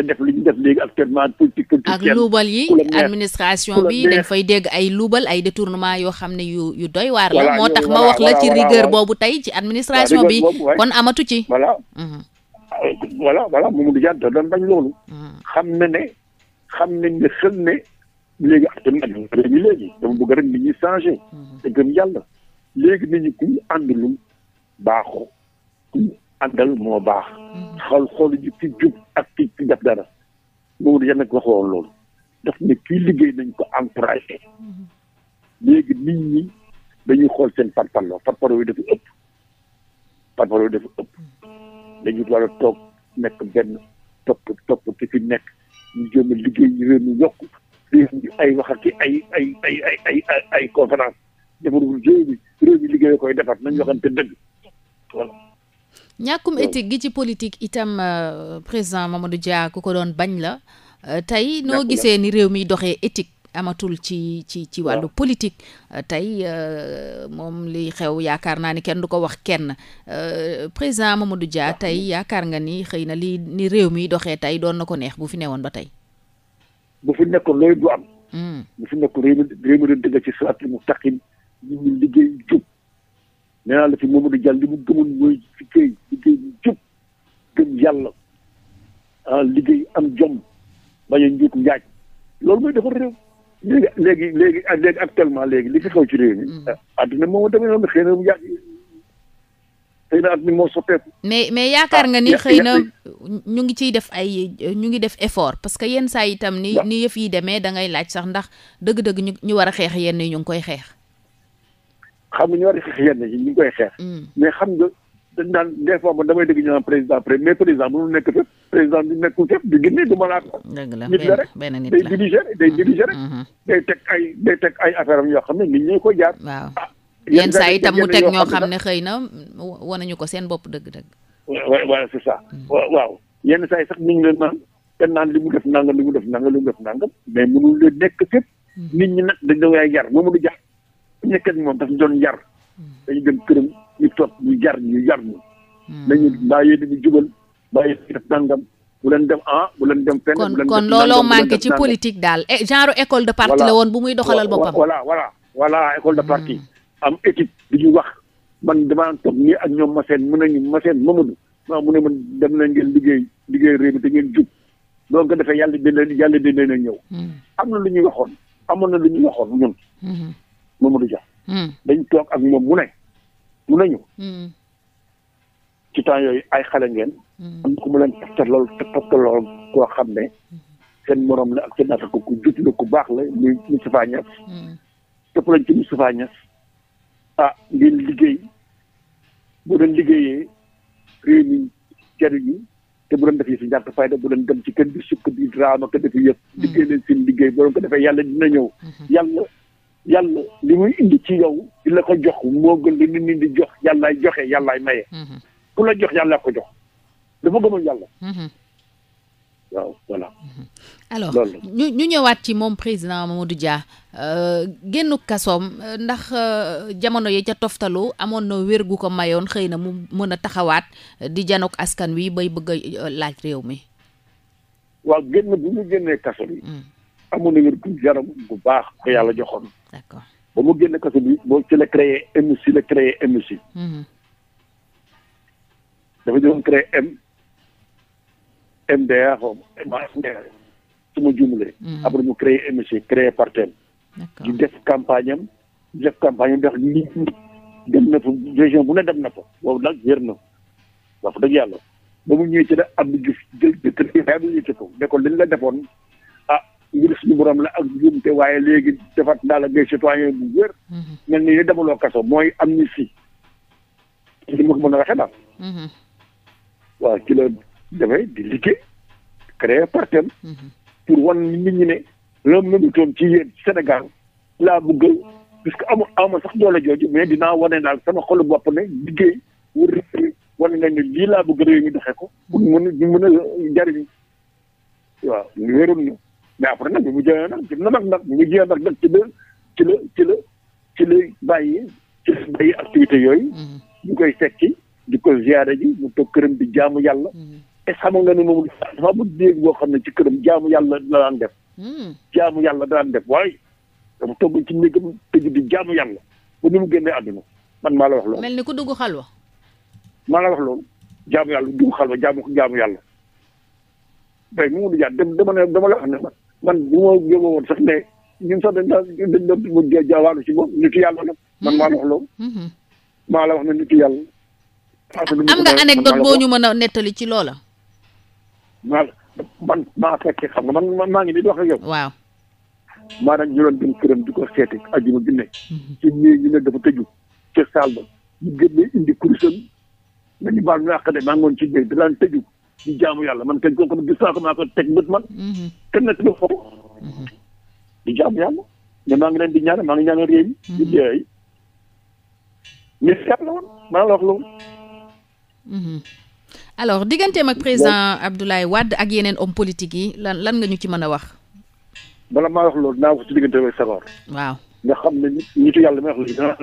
def li ñu léegi actuellement politique ak yi administration bi dañ dégg ay luubal ay détournement yoo xam ne yu yu doy waar la moo tax ma wax la ci rigueur boobu tey ci administration bi kon amatu ci voilà mhm. ah, voilà voilà Mamadou Dia da doon bañ loolu mhm. xam na ne xam nañ ne xel ne léegi ak tamit nag réew mi léegi dama bëgg rek nit ñi changé mhm. te gëm yàlla léegi nit ñi ku ñu àndalul baaxoo ku àndal moo baax mhm. xool xool ji ci jub ak ci ci def dara loolu yàlla nag waxoon loolu daf ne kii liggéey nañ ko encouragé mhm. léegi nit ñi dañuy xool seen parparloo parparloo yi dafa ëpp parparloo yi dafa ëpp dañu war a toog nekk benn topp topp ki nekk ñu jéem a liggéey ñu réew yokk ay waxal ci gi ci politique itam euh, président Mamadou Dia ko doon bañ la euh, tey noo gisee ni réew mi doxee éthique amatul ci ci ci wàllu politique euh, tey moom li xew yaakaar naa ni kenn du ko wax kenn président Mamadou jaar tey yaakaar nga ni xëy na li ni réew mi doxee tey doon na ko neex bu fi newoon ba tey bu fi nekkoon loolu du am. Hmm. bu fi nekkoon réew mi réew dëgg ci siraatal mustaqiim ñu ngi liggéey jub nee naa la fi Mamadou Dia li mu gëmoon mooy liggéey liggéey jub gëm yàlla ah, liggéey am jom bañ a njuut njaaj loolu mooy defar réew. léegi léegi léegi léegi actuellement léegi li fi xew ci réew mi. Hmm. Ah, àdduna moom a demee noonu xëy na mu yàgg. xëy na at mi moo soppeeku. mais mais yaakaar nga ni ah, xëy na ñu ngi ciy def ay ñu ngi def effort parce que yenn saa itam ni ni yëf yi demee da ngay laaj sax ndax dëgg-dëgg ñu ñu war a xeex yenn yi ñu ngi koy xeex. xam nga ñu war a xeex yenn ñu ngi koy xeex. Mm. mais xam nga dañ naan des fois man damay dégg ñu naan président pré mais président mënul nekk fépp président bi nekkul fépp du génne du malaat. dëgg la nit la rek day teg ay day teg ay affaire am yoo xam ne nit ñi koy jaar. waaw ah, yenn saa tam mu teg ñoo xam ne xëy na wanañu ko seen bopp dëgg-dëgg. waaw c'est ça. Mm. waaw yenn saa yi sax ñu ngi leen naan te naan li mu def nangam li mu def nangam li mu def nangam mais mënul leen nekk fépp. Mm. nit ñi nag dañ doon yar Mamadou Dia nekk ak moom dafa doon yar. Mm. dañu dem këram ñu topp ñu jar ñu yar ñu. nañu bàyyi di ñu jubal bàyyi di def nangam bu leen dem ah bu leen dem. fenn bu leen kon looloo manqué ci politique daal eh, genre école de parti la woon bu muy doxalal boppam. voilà voilà voilà école de parti. am équipe di ñu wax man damaa toog nii ak ñoom Massène mën nañu Massène Mamadou maa mu ne man dem na ngeen liggéey liggéey réew mi te ngeen jub donc dafay yàlla dina yàlla dina na ñëw. Hmm. am na lu ñuy waxoon amoon na lu ñuy waxoon ñun. Hmm. Mamadou Dia. Hmm. dañ toog ak moom mu ne mu nañu ci temps yooyu ay xale ngeen. am ku mu leen tegtaloo tegtaloo koo xam ne seen morom la ak seen naata ko ku jub la ku baax la muy Moustapha Niass. topp lañ ci Moustapha Niass. ah ngeen liggéey bu doon liggéeyee réew mi jariñu te bu doon def yi si ñàkk fayda bu doon dem ci kër bi sukk bi drama ko defi yëpp hmm. liggéey leen seen liggéey bu doon ko defee yàlla dina ñëw hmm. yàlla yàlla li muy indi ci yow di ko jox moo gën li nit ñi di jox yàllaay joxe yàllaay maye hmm. ku la jox yàlla ko jox dafa gëmoon yàlla waaw voilà. Mhm. alors ñu ñëwaat ci moom président moo Mamadou Dia euh, génn kasom euh, ndax euh, jamono yi ca toftalu amoon na wér gu ko mayoon xëy na mu mën a taxawaat di janook askan wi bay bëgg a laaj réew mi. waaw génn bu mu génnee kaso bi. Mm. amoon na wér gu yaram bu baax ko yàlla joxoon. d'accord ba mu génne kaso bi boo ci la créé MC la créé MC. Mm-hmm. dafa doon créé M. MDA xaw ma su ma jumlee. Mm-hmm. après mu créé MSC créé partem di def campagne am di def campagne am ndax nit dem na fa région bu ne dem na fa wow nag wér na wax dëgg yàlla ba mu ñëwee ci la am Diouf jël jël jël ko ne la defoon ah ngir suñu borom la ak njuumte waaye léegi defaat naa la ngay citoyen bu wér. Mm-hmm. mel ni demaloo kaso mooy amnistie li ma ko mën a waxee daal. Mm-hmm. waaw ci dafay di liggéey créer parten mhm. pour wan nit ñi ne la mënutoon ci yéen Sénégal laa bëgg puisque amul amul sax doole jooju mais dina wane daal sama xolu bopp ne liggéey wër nañ ne lii laa bëgg réew doxee ko pour mën ñu mën a jariñ waaw lu wéroon na mais nag bi mu jëlee nag na nag nag mu jëlee nag nag ci la ci la ci la ci bàyyi ci la bàyyi activités yooyu mhm. ñu koy sekki di ko ziyaare ji mu toog këram di jaamu yàlla mhm. est xam nga ni moom dafa amul néeg boo xam ne ci këram jaamu yàlla la daan def. Hmm. jaamu yàlla daan def waaye dama togg ci néegam tëj di jaamu yàlla ba ni mu génnee àdduna man maa la wax loolu. mel ni ku dugg xalwa. maa la wax loolu jaamu yàlla dugg xalwa jaamu jaamu yàlla. mu ngi jaat dama ne dama ma gëmoo woon sax ne ñun sax dañ daan dañ doon jaawaanu ci moom yàlla la. man maa la wax hmm. Hmm. am nga anecdote boo ñu mën a nettali ci loola. maa man maa fekkee xam nga man maa ngi nii di wax ak yow. waaw. maanaam ñu doon dem di ko seeti ajuma bi ne. Mhm. ci ñii ñu ne dafa tëju. ca saal ba ñu génne maa ngi woon ci biir daan tëju di jaamu yàlla man kañ kooku ko maa ko te mhm. nekk na foofu. Mhm. di jaamu yàlla. mais maa ngi leen di ñaan maa ngi ñaanal réew mi. la wax loolu. alors digganteem ak président Abdoulaye Wade ak yeneen homme politique yi lan lan nga ñu ci mën a wax. bala ma wax loolu naa ko ci digganteem ak Senghor. waaw nga xam ne nitu yàlla may wax léegi dana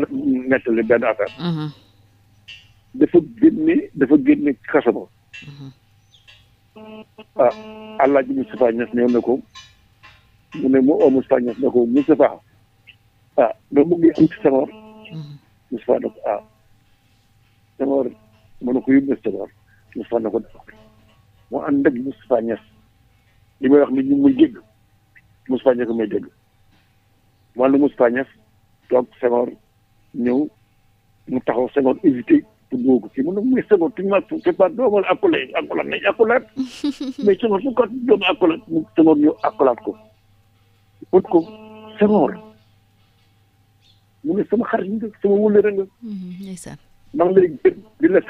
nettali benn mhm. dafa génne dafa génne kaso ba. Mhm. ah Alaaji Moustapha Niass ñëw na ko mu ne mu oo oh, Moustapha ne ko Moustapha ah doo bëgg am mhm. ne ko ah Senghor mën Moustapha na ko moo ànd ak Moustapha li may wax nit ñi muy dégg Moustapha Niass may dégg mu ànd ak Moustapha Niass toog Senghor ñëw mu taxaw Senghor évité pour dugg ko ci mu ne muy Senghor tu ma c'est pas doomal accolé ko doom mu Senghor ñëw accolade ko ut ko Senghor mu ne sama xarit nga sama wëlle nga. Mhm, ndeysaan maa ngi di la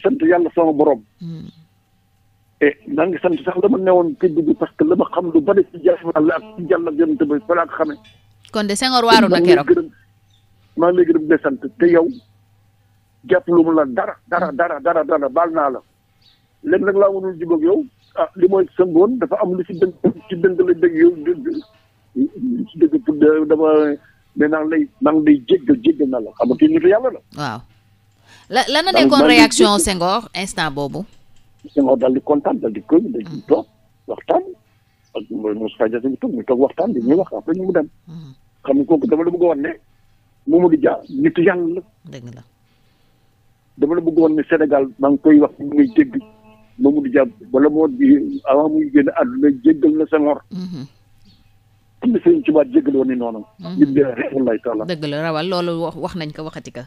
sant yàlla sama borom. Hmm. e naa ngi sant sax la ma newoon kii bi parce que la ma xam lu bari ci ba fa laa ko xamee. kon de Senghor waaru na keroog maa ngi lay gërëm de sant te jàpp lu la dara dara naa la léegi nag laa mënul jubóog yow ah li dafa am lu ci dëng ci dëng dëgg yow ci dëgg naa la xam nga kii nitu yàlla la waaw la lan na nekkoon réaction Senghor instant boobu. Senghor daal di kontaan daal di koy daal di toog waxtaan ak Moustapha Diagne ñu toog ñu toog waxtaan di ñuy wax après ñu mu dem. Mm-hmm. xam nga kooku dama la bëgg a wan ne Mamadou Dia nit yàlla la. dëgg la dama la bëgg a wan ne Sénégal maa ngi koy mu ngay dégg Mamadou moo di avant muy génn àdduna jéggal na Senghor. Mm-hmm. am na seen ci baat jégalu woon ni noonu. Mm-hmm. dëgg la rawal loolu wax wax nañ ko waxati ka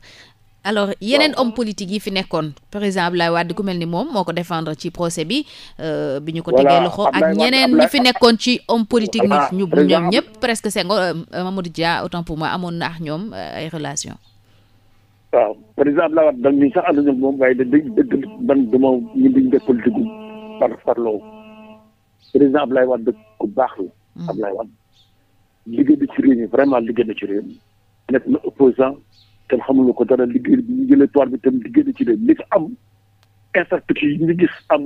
alors yeneen homme politique yi fi nekkoon par exemple Abdoulaye Wade ku mel ni moom moo ko defendre ci procès bi euh, bi ñu ko tegee loxo ak ñeneen ñi fi nekkoon ci homme politique ñu ñoom ñëpp presque seen euh, Mamadou Dia autant pour amoon na ñoom euh, ay relation waaw par exemple Abdoulaye Wade dag nii sax ànduñu moom waaye da dëgg dëgg man duma ñu ku baax la mm. Abdoulaye Wade liggéey na ci réew mi vraiment liggéey na ci réew mi nekk na opposant kenn xamul ko dara liggéey bi ñu jëlee toile bi tam liggéey ci de li fi am infrastructure yi ñu gis am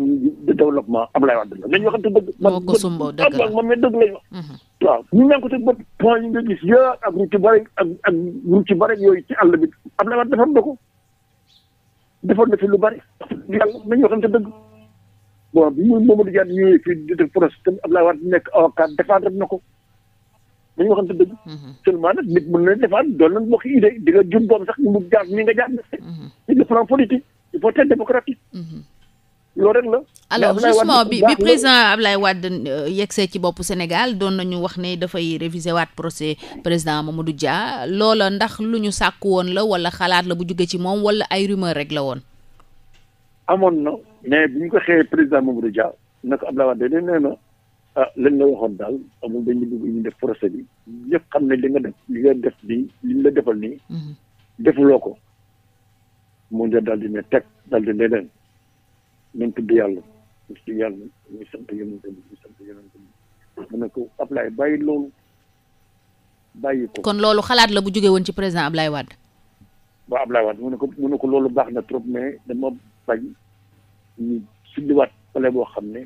développement Ablaye Wade la nañu waxante dëgg. moo ko sumboo dëgg la moom it dëgg lañu wax. Mhm. waaw ñu ñaan ko te bët point yi nga gis yaa ak ñu ci bëri ak ak ci bëri yooyu ci àll bi Ablaye Wade defoon na ko defoon na fi lu bari yàlla nañu waxante dëgg bon bi Mamadou Dia ñëwee fii di def projet tamit Ablaye Wade nekk avocat défendre na ko. dañu waxante dëgg. Mhm. seulement nag nit mën na defaat doon nañ bokk idée di nga jum boobu sax mu jaar ni nga jaar mhm. ci le plan politique il faut être démocratique. Mhm. loolu rek la. alors justement bi bi président Ablaye Wade euh, yegsee ci boppu Sénégal doon nañu wax ne dafay réviser waat procès président du Dia loola ndax lu ñu sàkk woon la wala xalaat la bu jóge ci moom wala ay rumeur rek la woon. amoon na mais bu ñu ko xëyee président Mamadou Dia naka Ablaye Wade nee na. ah lañ la waxoon daal amul dañu dugg ñu def procès bi ñëpp xam ne li nga def li nga def nii li ñu la defal nii. Mhm. defuloo ko. mu ne daal di ne teg daal di ne leen nañ tudd yàlla ñu si yàlla ñu sant yonent bi ñu sant yonent bi mu ne ko Ablaye bàyyi loolu bàyyi ko. kon loolu xalaat la bu jóge woon ci président Ablaye Wade. waaw Ablaye Wade mu ne ko mu ne ko loolu baax na trop mais dama bañ ñu pale boo xam ne.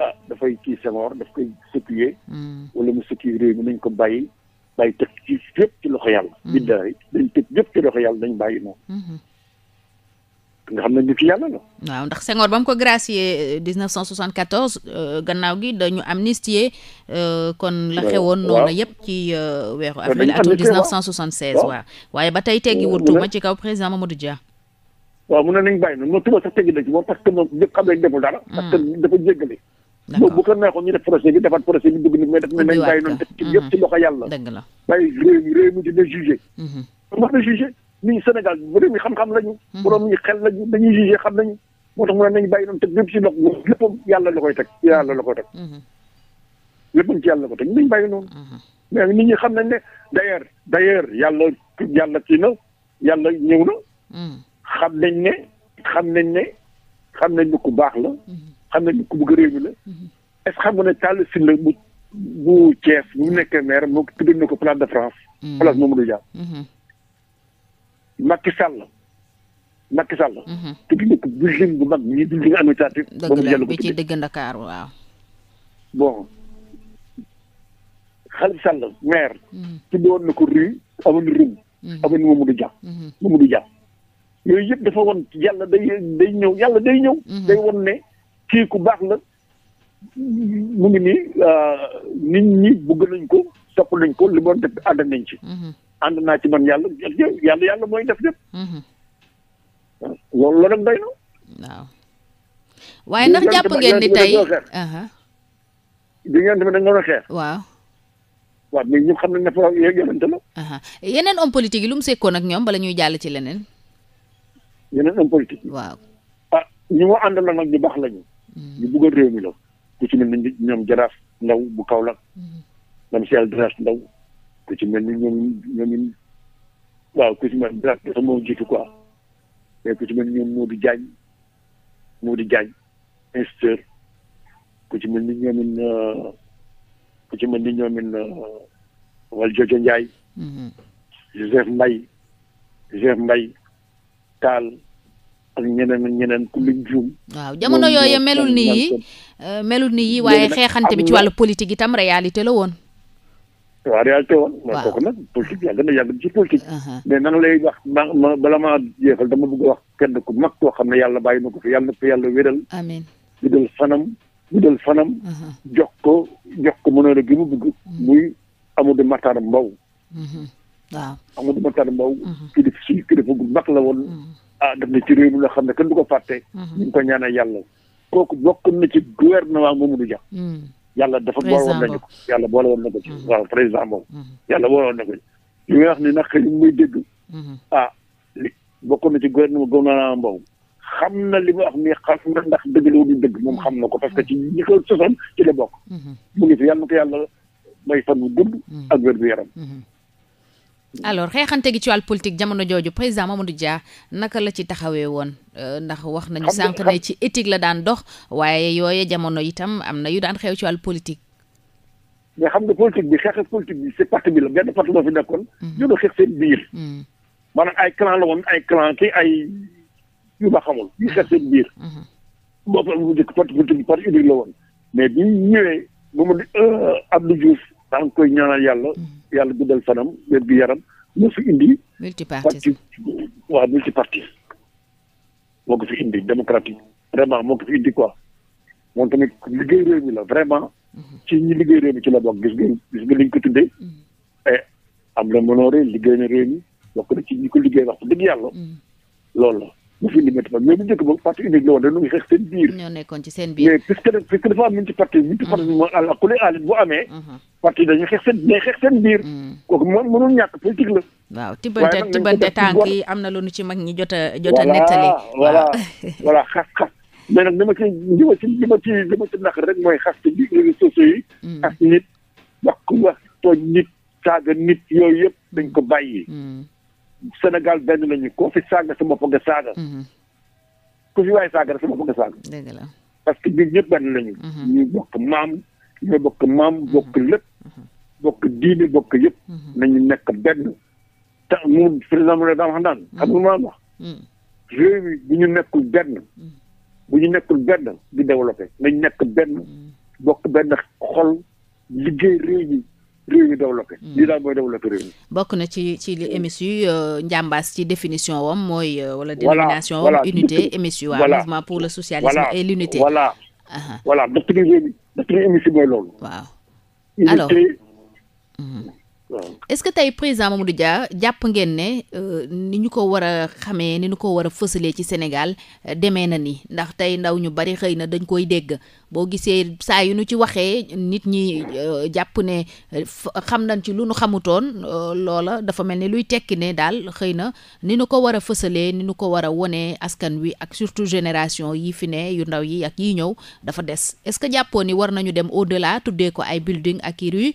ah dafay kii Senghor daf koy sécuyer hmm. wala mu sécuyer réew mi nañ ko bàyyi bàyyi tëg ci yëpp ci loxo yàlla hmm. biddaay dañ tëg yëpp ci loxo yàlla dañ bàyyi noonu hmm. nga xam ne nit yàlla la waaw ndax Senghor ba mu ko gracier 1974 euh, euh, gannaaw gi dañu amnistier euh, kon la xewoon noonu yëpp ci weeru avril atum 1976 waaw waaye ba tey teggiwul tuuma ci kaw président Mamadou Dia waaw mun ne nañ bàyyi noonu moo tuuma teggi na moom bu ko neexoon ñu def procès bi defaat procès bi dugg ni mais def na nañ bàyyi noonu def ci yëpp ci loxo yàlla bàyyi réew mi réew mi dina jugé wax mhm. na jugé nit ñi Sénégal réew mi xam-xam lañu mhm. borom ñi xel lañu dañuy jugé xam nañu moo tax mu ne nañ bàyyi noonu teg lépp ci loxo léppam yàlla la koy teg yàlla la koy teg mhm. léppam ci yàlla la koy teg nañ bàyyi noonu mais nit ñi xam nañ ne d'ailleurs d'ailleurs yàlla kii na yàlla ñëw na xam nañ ne xam nañ ne ku baax la xam nañ ku bëgg mhm. ce que xam nga ne Talla Sylla bu bu Thiès bu nekkee maire moo tudd na ko place de France mhm. place Mamadou Dia mhm. Macky Sall Macky Sall tudd na ko building bu mag ci dëgg Ndakaar waaw bon Khalifa Sall maire tudd woon na ko rue avenue Rim avenue Mamadou Dia Mamadou Dia yooyu yëpp dafa won yàlla day day ñëw yàlla day ñëw day won ne kii ku baax la mu ngi nii euh, nit ñi bëgg lañ ko topp nañ ko li moon def ànd nañ ci mhm. ànd naa ci man yàlla yàlla yàlla mooy def lépp mhm. loolu la nag doy waaw waaye ndax jàpp ngeen dañ uh-huh. doon xeex waaw xam ne ne fa yonente la uh-huh. yeneen homme politique yi lu mu sekkoon ak ñoom bala ñuy jàll ci leneen yeneen homme politique yi waaw ah ñu mu ànd la nag ñu baax lañu ñu bëggoon réew mi la ku ci mel ni ñoom jaraaf ndaw bu Kaolack dam si yàlla jaraaf ndaw ku ci mel ni ñoom ñoom waaw ku ci mel ni jaraaf dafa moo jiitu quoi mais ku ci mel ni ñoom Modou Diagne Modou Diagne instituteur ku ci mel ni ñoomin euh, ku ci mel ni ñoomin wal euh, Jojo Ndiaye mm-hmm. Joseph Mbaye Joseph Mbaye Tall ak ñeneen ak ñeneen ku lim juum. waaw jamono yooyu melul euh, ni yi melul ni yi waaye xeexante bi ci wàllu politique itam réalité la woon. waaw réalité woon. waaw mooy kooku nag politique yàgg na yàgg ci politique. Uh-huh. mais nan lay wax ma ma bala maa jeexal dama bëgg wax kenn ku mag koo xam ne yàlla bàyyi na ko fi yàlla ko yàlla wéral. amiin wéral fanam. wéral fanam. Uh-huh. jox ko jox ko mënoon a gi mu bëgg. Mm-hmm. muy Amadou Matar Mbow. Mm-hmm. waaw Amadou Matar mm-hmm. la woon. ah def na ci réew mi loo xam ne kenn du ko fàtte. Mhm. ñu ko ñaanal yàlla. kooku bokk na ci gouvernement Mamadou Dia. Hmm. yàlla dafa boole woon nañu ko yàlla boole woon na ko ci. waaw président boobu. yàlla boole woon na ko ci. Mhm. Mhm. li nga wax ni nag xëy muy dégg. ah li bokk na ci gouvernement gouvernement boobu. xam na li mu wax ni na ndax dëgg la dëgg moom xam na ko parce que ci ñi ko sosoon ci la bokk. mu ngi fi yàlla na ko may fan bu gudd. ak wér yaram. alors xeexante gi ci wàllu politique jamono jooju président Mamadou Dia naka la ci taxawee woon euh, ndax wax nañu sànq ne ci éthique la daan dox waaye yooye jamono itam am na yu daan xew ci wàllu politique. mais xam nga politique bi xeex politique bi c'est parti bi la benn parti moo fi nekkoon. Mm-hmm. ñoo doon xeex seen biir. Mm-hmm. maanaam ay clan la woon ay clan ki ay yu ma xamul yu xeex seen biir. boo ko am lu njëkk parti politique bi parti unique la woon mais bi ñëwee Mamadou euh, Abdou Diouf. daa koy ñaanal yàlla. Mm-hmm. yàlla guddal fanam wér gu yaram moo fi indi. multipartisme parti waaw multipartisme moo ko fi indi démocratique vraiment moo ko fi indi quoi moom tamit liggéey réew mi la vraiment. Mm-hmm. ci ñi liggéey réew mi ci la bokk gis gi gis nga liñ ko tuddee. Mm-hmm. et eh, am na mënoore liggéey na réew mi bokk na ci ñi ko liggéey wax dëgg yàlla. loolu bu fi indi métti mais bu njëkk ba parti unique la woon dañu ngi xeex seen biir. ñoo nekkoon ci seen biir mais puisque puisque dafa am ci parti bi. ci parti bi mm-hmm. amee. Mm-hmm. parti dañuy xeex seen day xeex seen biir. Mm-hmm. kooku moom mënul ñàkk politique la. waaw tibbante tibbante yi am na lu ci mag ñi jot a jot a rek mooy xas ci réseaux sociaux yi. xas nit wax wax tooñ nit saaga nit yooyu yëpp dañ ko bàyyi. Sénégal benn lañu koo fi saaga sa bopp nga saaga. Mhm. sa bopp nga parce que ñun ñëpp benn lañu. Mhm. ñu bokk maam ñu bokk maam mhm. bokk lépp. bokk diine bokk yëpp. nañu nekk benn. te mu président mu ne daan maam wax. réew mi bu ñu nekkul benn. bu ñu nekkul benn di développé nañ nekk benn. bokk benn xol liggéey réew mi réew mm. lii daal mooy développé bokk na ci ci li MSU euh, njàmbaas ci définition wam mooy. Euh, wala dénomination wam unité MSU. voilà mouvement pour le socialisme et l'unité. voilà voilà mm-hmm. est-ce que tey président Mamadou jaa jàpp ngeen ne euh, ni ñu ko war a xamee ni nu ko war a fësalee ci Sénégal demee na ni ndax tey ndaw ñu bari xëy na dañ koy dégg boo gisee saa yu nu ci waxee nit ñi euh, jàpp ne euh, xam nañ ci lu nu xamutoon euh, loola dafa mel ni luy tekki ne daal xëy na ni nu ko war a fësalee ni nu ko war a wonee askan wi ak surtout génération yi fi ne yu ndaw yi ak yi ñëw dafa des est-ce que jàppoo ni war nañu dem au-delà tuddee ko ay building ak i rue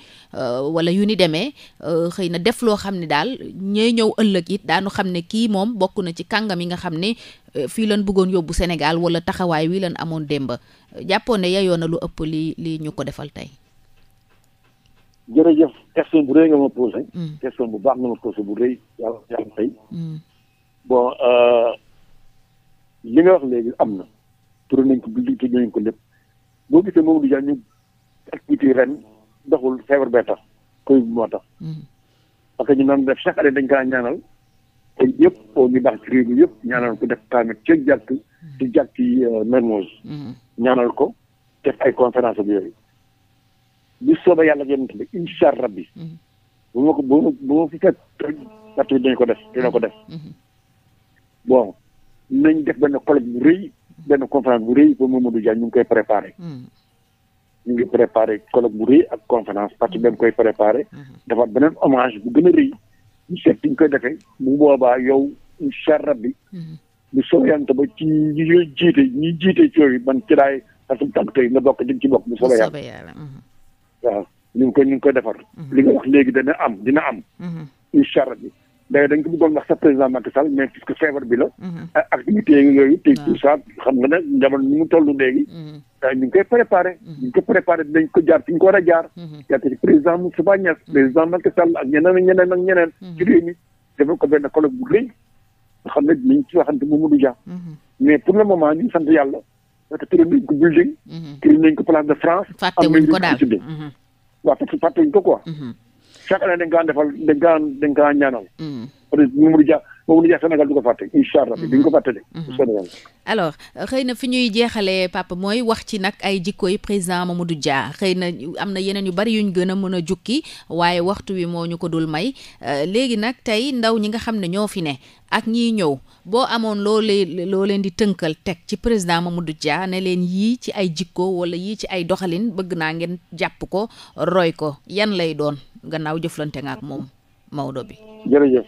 wala yu ni demee xëy na def loo xam ne daal ñay ñëw ëllëg it daanu xam ne kii moom bokk na ci kàngam yi nga xam ne fii lan bëggoon yóbbu Sénégal wala taxawaay wi lan amoon démb jàppoon ne yeyoo na lu ëpp lii lii ñu ko defal tey. jërëjëf question bu rëy nga ma posé. Mm. question bu baax nga ma posé bu rëy yàlla yàlla tey. Mm. bon euh, li nga wax léegi am na. tur nañ ko bind tur nañ ko lépp boo gisee moom du ñu activité ren doxul feebar bee tax. koy moo tax. Mm. parce que ñu naan def chaque année dañ kaa ñaanal. te yëpp ñu baax ci réew mi yëpp ñaanal ko def tamit ca jàkk ci jàkk yi euh, Mermoz mm-hmm. ñaanal ko def ay conférence bi yooyu bu soobee yàlla yonent bi incha rabbi mm-hmm. ko bi dañ ko def ko def mm-hmm. bon nañ def benn colloque bu rëy benn conférence bu rëy ba Mamadou Dia ñu ngi koy préparé ñu ngi préparé colloque bu rëy ak conférence parce que dañ koy préparé dafa beneen hommage bu gën a rëy ñu seet ñu koy defee bu boobaa yow incha rabbi bu soobee ba ci ñi ñuy jiite ñi jiite cooy man ci laay asum tànk tey nga bokk jëm ci bokk bu soobee yàlla mm-hmm. waaw ñu ngi koy ñu ngi koy defar. Mm-hmm. li nga wax léegi dana am dina am. incha mm-hmm. rabbi mais dañ ko wax sax président Macky Sall mais puisque feebar bi la. Mhm. activité yi yooyu te tout ça xam nga ne jamono ni mu toll léegi. Mhm. Euh, ñu ngi koy préparé. Mhm. ñu ngi ko jaar fi ñu ko a jaar. yaakaar ci président Moustapha Niasse président Macky ak ñeneen ñeneen ci réew mi ko benn colloque bu rëy xam ne dinañ ci waxante Mamadou Dia. mais pour le moment ñu sant yàlla. parce que tëral nañ ko building. tëral nañ ko place de France. am nañ ko chaque année dañ kaan defal dañ kaan dañ kaan ñaanal. peut-être hmm. Mamadou Dia Sénégal du ko fàtte incha allah. Hmm. duñ ko fàtte de. Hmm. alors xëy na fi ñuy jeexalee papa mooy wax ci nag ay jikko yi président Mamadou Dia xëy na am na yeneen yu bari yuñ gën a mën a jukki waaye waxtu wi moo ñu ko dul may euh, léegi nag tey ndaw ñi nga xam ne ñoo fi ne ak ñiy ñëw boo amoon loo leen di tënkal teg ci président Mamadou Dia ne leen yii ci ay jikko wala yii ci ay doxalin bëgg naa ngeen jàpp ko roy ko yan lay doon. gannaaw jëflante nga ak moom Maodo bi. jërëjëf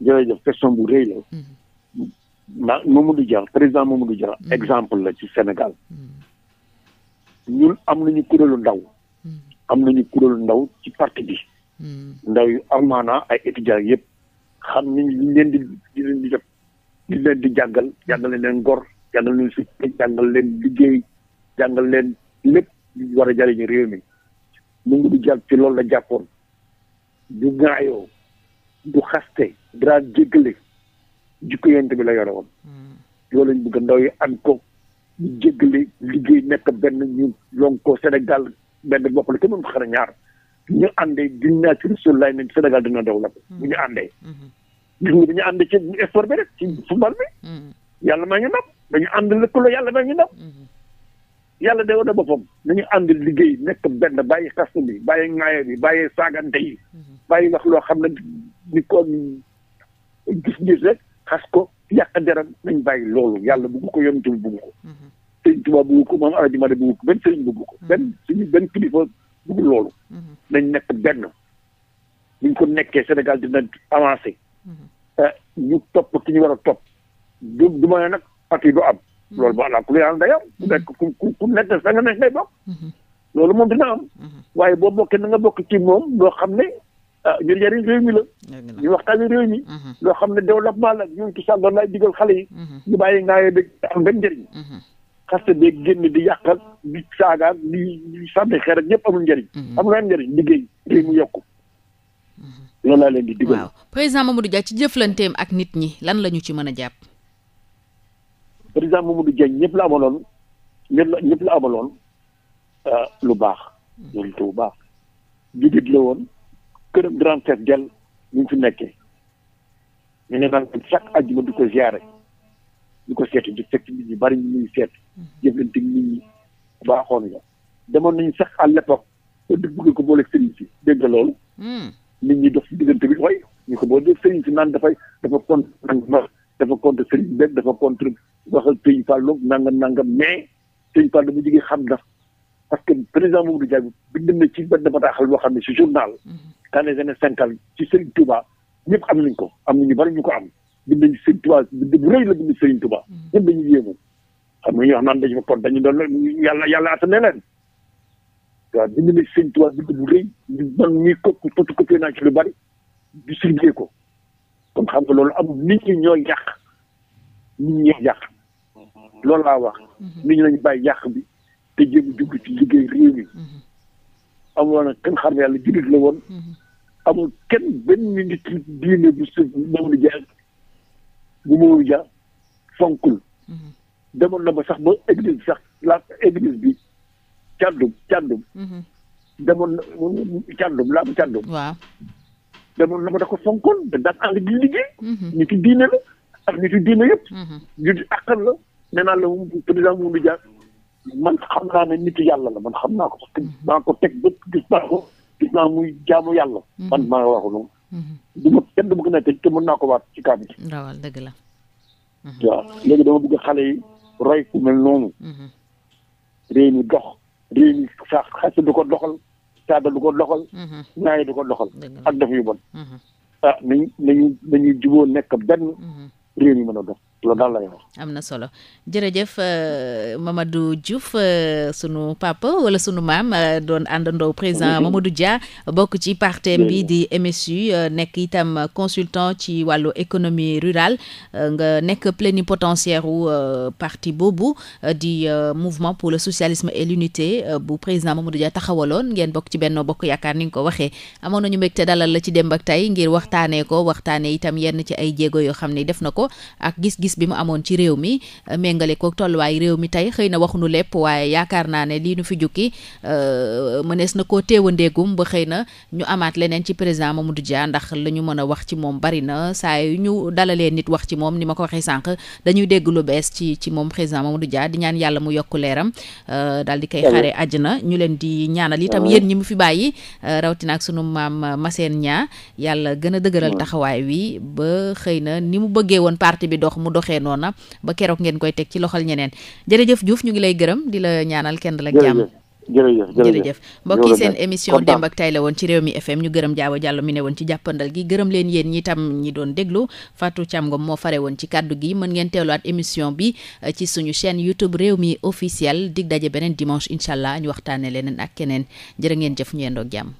jërëjëf question bu rëy la. ndax mm-hmm. Mamadou Dia président Mamadou Dia mm-hmm. exemple la ci Sénégal mm-hmm. ñun am nañu kuréelu ndaw am nañu kuréelu ndaw ci parti bi ndaw yu amaana ay étudiants yëpp xam ni liñ leen di di leen leen di jàngal jàngale leen ngor jàngal leen su jàngal leen liggéey jàngal leen lépp war a jariñu réew mi mun Mamadou Dia ci loolu la jàppoon du gaayoo du xaste dara jéggale jikko yonent bi la yore woon hmm. loolu lañ bëgg ndaw yi am ko ñu jéggale liggéey nekk benn ñu lonko Sénégal benn bopp la te moom xara ñaar ñu àndee gin naa ci Rasulullah ne Sénégal dina développé hmm. bu ñu àndee hmm. gis nga dañu ci effort bi rek ci football bi yàlla maa ngi nam dañu ànd lëkkaloo yàlla maa ngi nam yàlla day na boppam nañu ànd liggéey nekk benn bàyyi xas bi bàyyi ŋaaye bi bàyyi saagante yi mhm. bàyyi wax loo xam ne ni ko gis gis rek xas ko yàq deram nañ bàyyi loolu yàlla bugg ko yonent bi bugg ko mhm. sëñ Tuubaa bugg ko moom Alaaji Maalik bugg ko benn sëriñ bugg ko mhm. benn suñu benn kilifa bugg loolu nañ nekk benn buñ ko nekkee Sénégal dina avancé eh, ñu topp ki ñu war a topp du du ma ne nag at du am Mm-hmm. loolu ba àla kule yàlla day am ku nekk ku ku nekk sa nga nekk day bokk mm-hmm. loolu moom dina am mm-hmm. waaye boo bokkee na nga bokk ci moom loo xam ne ah ñu njëriñ la ñu waxtaani réew mi loo xam ne développement la ñun ci sàlloon laay digal xale yi ñu bàyyi ngaayee dëgg am benn njëriñ xaste beeg génn di yàqal di saagaar di sànni xeer ñëpp amul njëriñ amul naan njëriñ liggéey réew mu yokk loolu laa leen di digal moom président Mamadou Dia ci jëflanteem ak nit ñi lan la ñu ci mën a jàpp président Mamadou Diagne ñëpp la amaloon ñëpp la ñëpp la amaloon euh, lu baax. loolu mm. lu baax. jigéen la woon këram grand chef gel ñu fi nekkee ñu ne naan chaque àjjuma du ko ziare di ko seeti di fekk nit ñi bari ñu muy seet mm. jëflante nit ñi baaxoon nga demoon nañu sax à l'époque di bëgg ko booleeg sëriñ si dégg nga loolu. Mm. nit ñi dox diggante bi waaye ñu ko booleeg sëriñ si naan dafay dafa contre dafa contre sëriñ beeg dafa contre. wax ak sëñ Fallou nangam nangam mais sëñ Fallou bu jigi xam na parce que président Mamadou Dia bind na ci benn bataaxal boo xam ne si journal mhm. dans les années cinquante ci Serigne Touba ñëpp am nañ ko am nañu bari ñu ko am bind nañ Serigne Touba bind bu rëy la bind Serigne Touba mhm. ñëpp dañuy yéemu xam nga ñu wax naan dañu kon dañu doon yàlla yàlla atane leen waaw bind nañ Serigne Touba bind bu rëy man ñuy ko photocopie naa ci lu bari distribué ko kon xam nga loolu amul nit ñi ñoo yàq nit ñi ñoo yàq loolu laa wax. Mhm. nit ñi lañ bàyyi yàq bi te jéem a ci liggéey réew mi. Mhm. amoon na kenn xam yàlla jullit la woon. Mhm. amul kenn benn nit diine bu si Mamadou Dia bu Mamadou Dia fonkul. sax ba église sax la église bi càndum càndum. demoon na càndum laa bu càndum. waaw demoon da nit diine diine yëpp. nit àqal la. nee naa la président Mamadou Dia man xam naa ne nitu yàlla la man xam naa ko mhm. maa ko teg bët gis naa gis naa muy jaamu yàlla. Mhm. man maa waxu noonu. Mhm. ma kenn du ma ko nekk te mën naa ko waat ci kàddu gi. rawal dëgg la. waaw léegi dama bëgg xale yi roy ku mel noonu. réew mi dox réew mi sax xase du ko doxal saada du ko doxal. ñaay du ko doxal. ak def yu bon. ah nañu nañu nañu juboo nekk benn réew mën a dox. loolu daal am na solo jërëjëf euh, Mamadou Diouf euh, sunu papa wala sunu maam euh, doon àndandoo président mhm. Mamadou Dia bokk ci partem bi di MSU nekk itam consultant ci wàllu économie rurale nga nekk plénipotentiaire u parti boobu di mouvement pour le socialisme et l'unité bu président Mamadou Dia taxawaloon ngeen bokk ci Benno Bokk Yaakaar ni nga ko waxee amoon nañu te dalal la ci démb ak tey ngir waxtaanee ko waxtaanee itam yenn ci ay jéego yoo xam ne def na ko gis-gis bi mu amoon ci réew mi euh, méngale ko tolluwaay réew mi tey xëy na waxuñu lépp waaye yaakaar naa ne lii nu fi jukki euh, mënees na koo téew ndéegum ba xëy na ñu amaat leneen ci président Mamadou Dia ndax la ñu mën wax ci moom bari na saa ñu dalalee nit wax ci moom ni ma ko waxee sànq dañuy dégg lu bees ci ci moom président Mamadou Dia di ñaan yàlla mu yokk leeram euh, dal di kay xare na ñu leen di ñaanal tam yéen ñi mu fi bàyyi rawatina ak sunu maam Massène ñaa yàlla gën a dëgëral taxawaay wi ba xëy na ni mu bëggee woon parti bi dox doxee noona ba keroog ngeen koy teg ci loxol ñeneen jërëjëf Diouf ñu ngi lay gërëm di la ñaanal kenn la jàmm jërëjëf jërëjëf seen émission démb ak tay la woon ci réew mi fm ñu gërëm jaawa jàll mi ne woon ci jàppandal gi gërëm leen yéen ñi tam ñi doon déglu Fatou Thiam Ngom moo fare woon ci kàddu gi mën ngeen teewluwaat émission bi euh, ci suñu chaîne youtube réew mi officiel dig daje beneen dimanche incha allah ñu waxtaane leneen ak keneen jërë ngeen jëf ñu yendoog jàmm